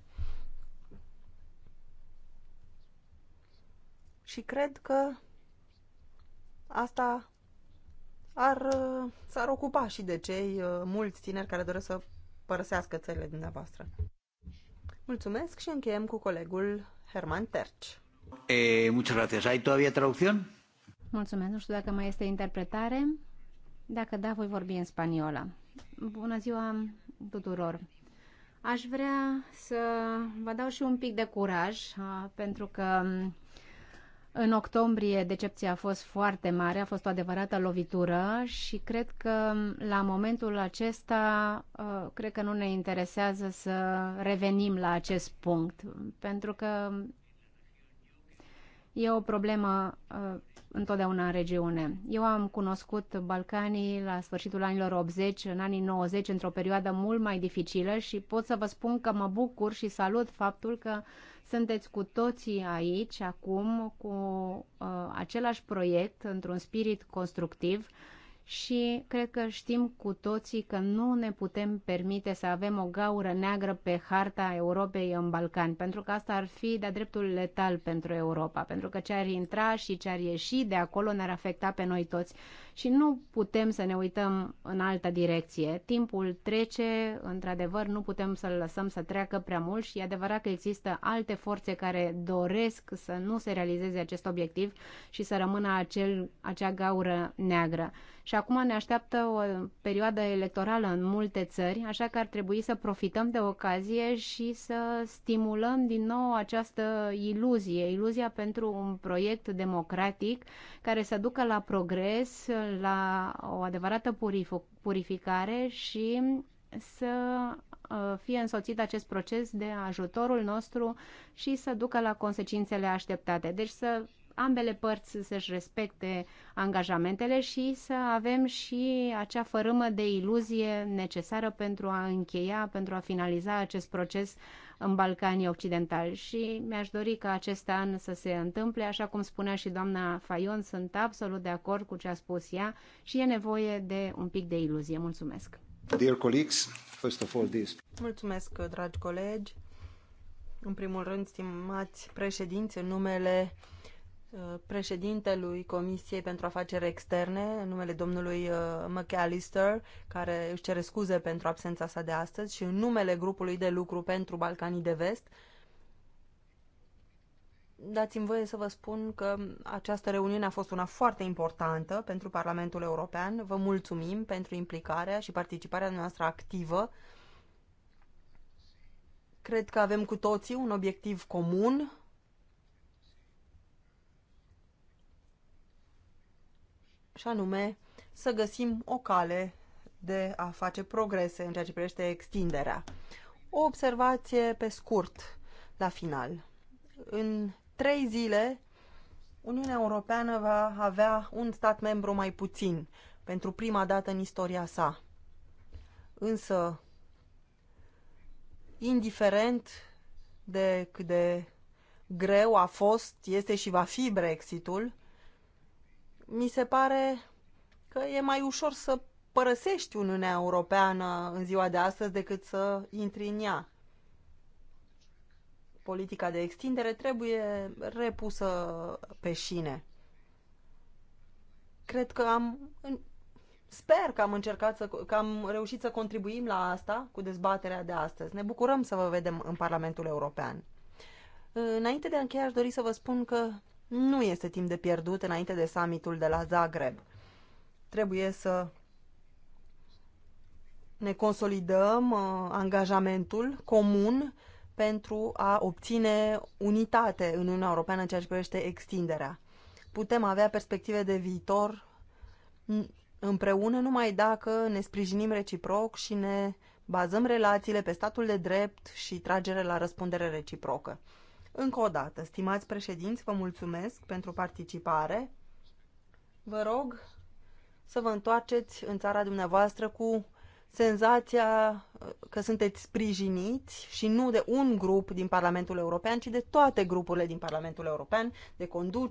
Și cred că Asta ar, uh, s-ar ocupa și de cei uh, mulți tineri care doresc să părăsească țările dumneavoastră. Mulțumesc și încheiem cu colegul Herman Terci. E, eh, muchas gracias. Ai todavía traducción? Mulțumesc. Nu știu dacă mai este interpretare. Dacă da, voi vorbi în spaniolă. Bună ziua tuturor! Aș vrea să vă dau și un pic de curaj, ah, pentru că mm, în octombrie decepția a fost foarte mare, a fost o adevărată lovitură și cred că la momentul acesta uh, cred că nu ne interesează să revenim la acest punct, pentru că E o problemă uh, întotdeauna în regiune. Eu am cunoscut Balcanii la sfârșitul anilor 80, în anii 90, într-o perioadă mult mai dificilă și pot să vă spun că mă bucur și salut faptul că sunteți cu toții aici acum cu uh, același proiect într-un spirit constructiv uh, și cred că știm cu toții că nu ne putem permite să avem o gaură neagră pe harta Europei în Balcani, pentru că asta ar fi de-a dreptul letal pentru Europa, pentru că ce ar intra și ce ar ieși de acolo ne-ar afecta pe noi toți și nu putem să ne uităm în altă direcție. Timpul trece, într-adevăr, nu putem să-l lăsăm să treacă prea mult și e adevărat că există alte forțe care doresc să nu se realizeze acest obiectiv și să rămână acel, acea gaură neagră. Și acum ne așteaptă o perioadă electorală în multe țări, așa că ar trebui să profităm de ocazie și să stimulăm din nou această iluzie, iluzia pentru un proiect democratic care să ducă la progres, la o adevărată purificare și să uh, fie însoțit acest proces de ajutorul nostru și să ducă la consecințele așteptate. Deci să ambele părți să-și respecte angajamentele și să avem și acea fărâmă de iluzie necesară pentru a încheia, pentru a finaliza acest proces în Balcanii Occidentali. Și mi-aș dori ca acest an să se întâmple, așa cum spunea și doamna Fayon, sunt absolut de acord cu ce a spus ea și e nevoie de un pic de iluzie. Mulțumesc! Dear colleagues, first of all this. Mulțumesc, dragi colegi! În primul rând, stimați președinți, în numele președintelui Comisiei pentru Afaceri Externe, în numele domnului uh, McAllister, care își cere scuze pentru absența sa de astăzi, și în numele grupului de lucru pentru Balcanii de Vest, dați-mi voie să vă spun că această reuniune a fost una foarte importantă pentru Parlamentul European. Vă mulțumim pentru implicarea și participarea noastră activă. Cred că avem cu toții un obiectiv comun și anume să găsim o cale de a face progrese în ceea ce privește extinderea. O observație pe scurt la final. În trei zile, Uniunea Europeană va avea un stat membru mai puțin pentru prima dată în istoria sa. Însă, indiferent de cât de greu a fost, este și va fi Brexitul, mi se pare că e mai ușor să părăsești Uniunea Europeană în ziua de astăzi decât să intri în ea. Politica de extindere trebuie repusă pe șine. Cred că am. Sper că am încercat să. că am reușit să contribuim la asta cu dezbaterea de astăzi. Ne bucurăm să vă vedem în Parlamentul European. Înainte de a încheia, aș dori să vă spun că nu este timp de pierdut înainte de summitul de la Zagreb. Trebuie să ne consolidăm uh, angajamentul comun pentru a obține unitate în Uniunea Europeană în ceea ce privește extinderea. Putem avea perspective de viitor împreună numai dacă ne sprijinim reciproc și ne bazăm relațiile pe statul de drept și tragere la răspundere reciprocă. Încă o dată, stimați președinți, vă mulțumesc pentru participare. Vă rog să vă întoarceți în țara dumneavoastră cu senzația uh, că sunteți sprijiniți și nu de un grup din Parlamentul European, ci de toate grupurile din Parlamentul European, de conducere,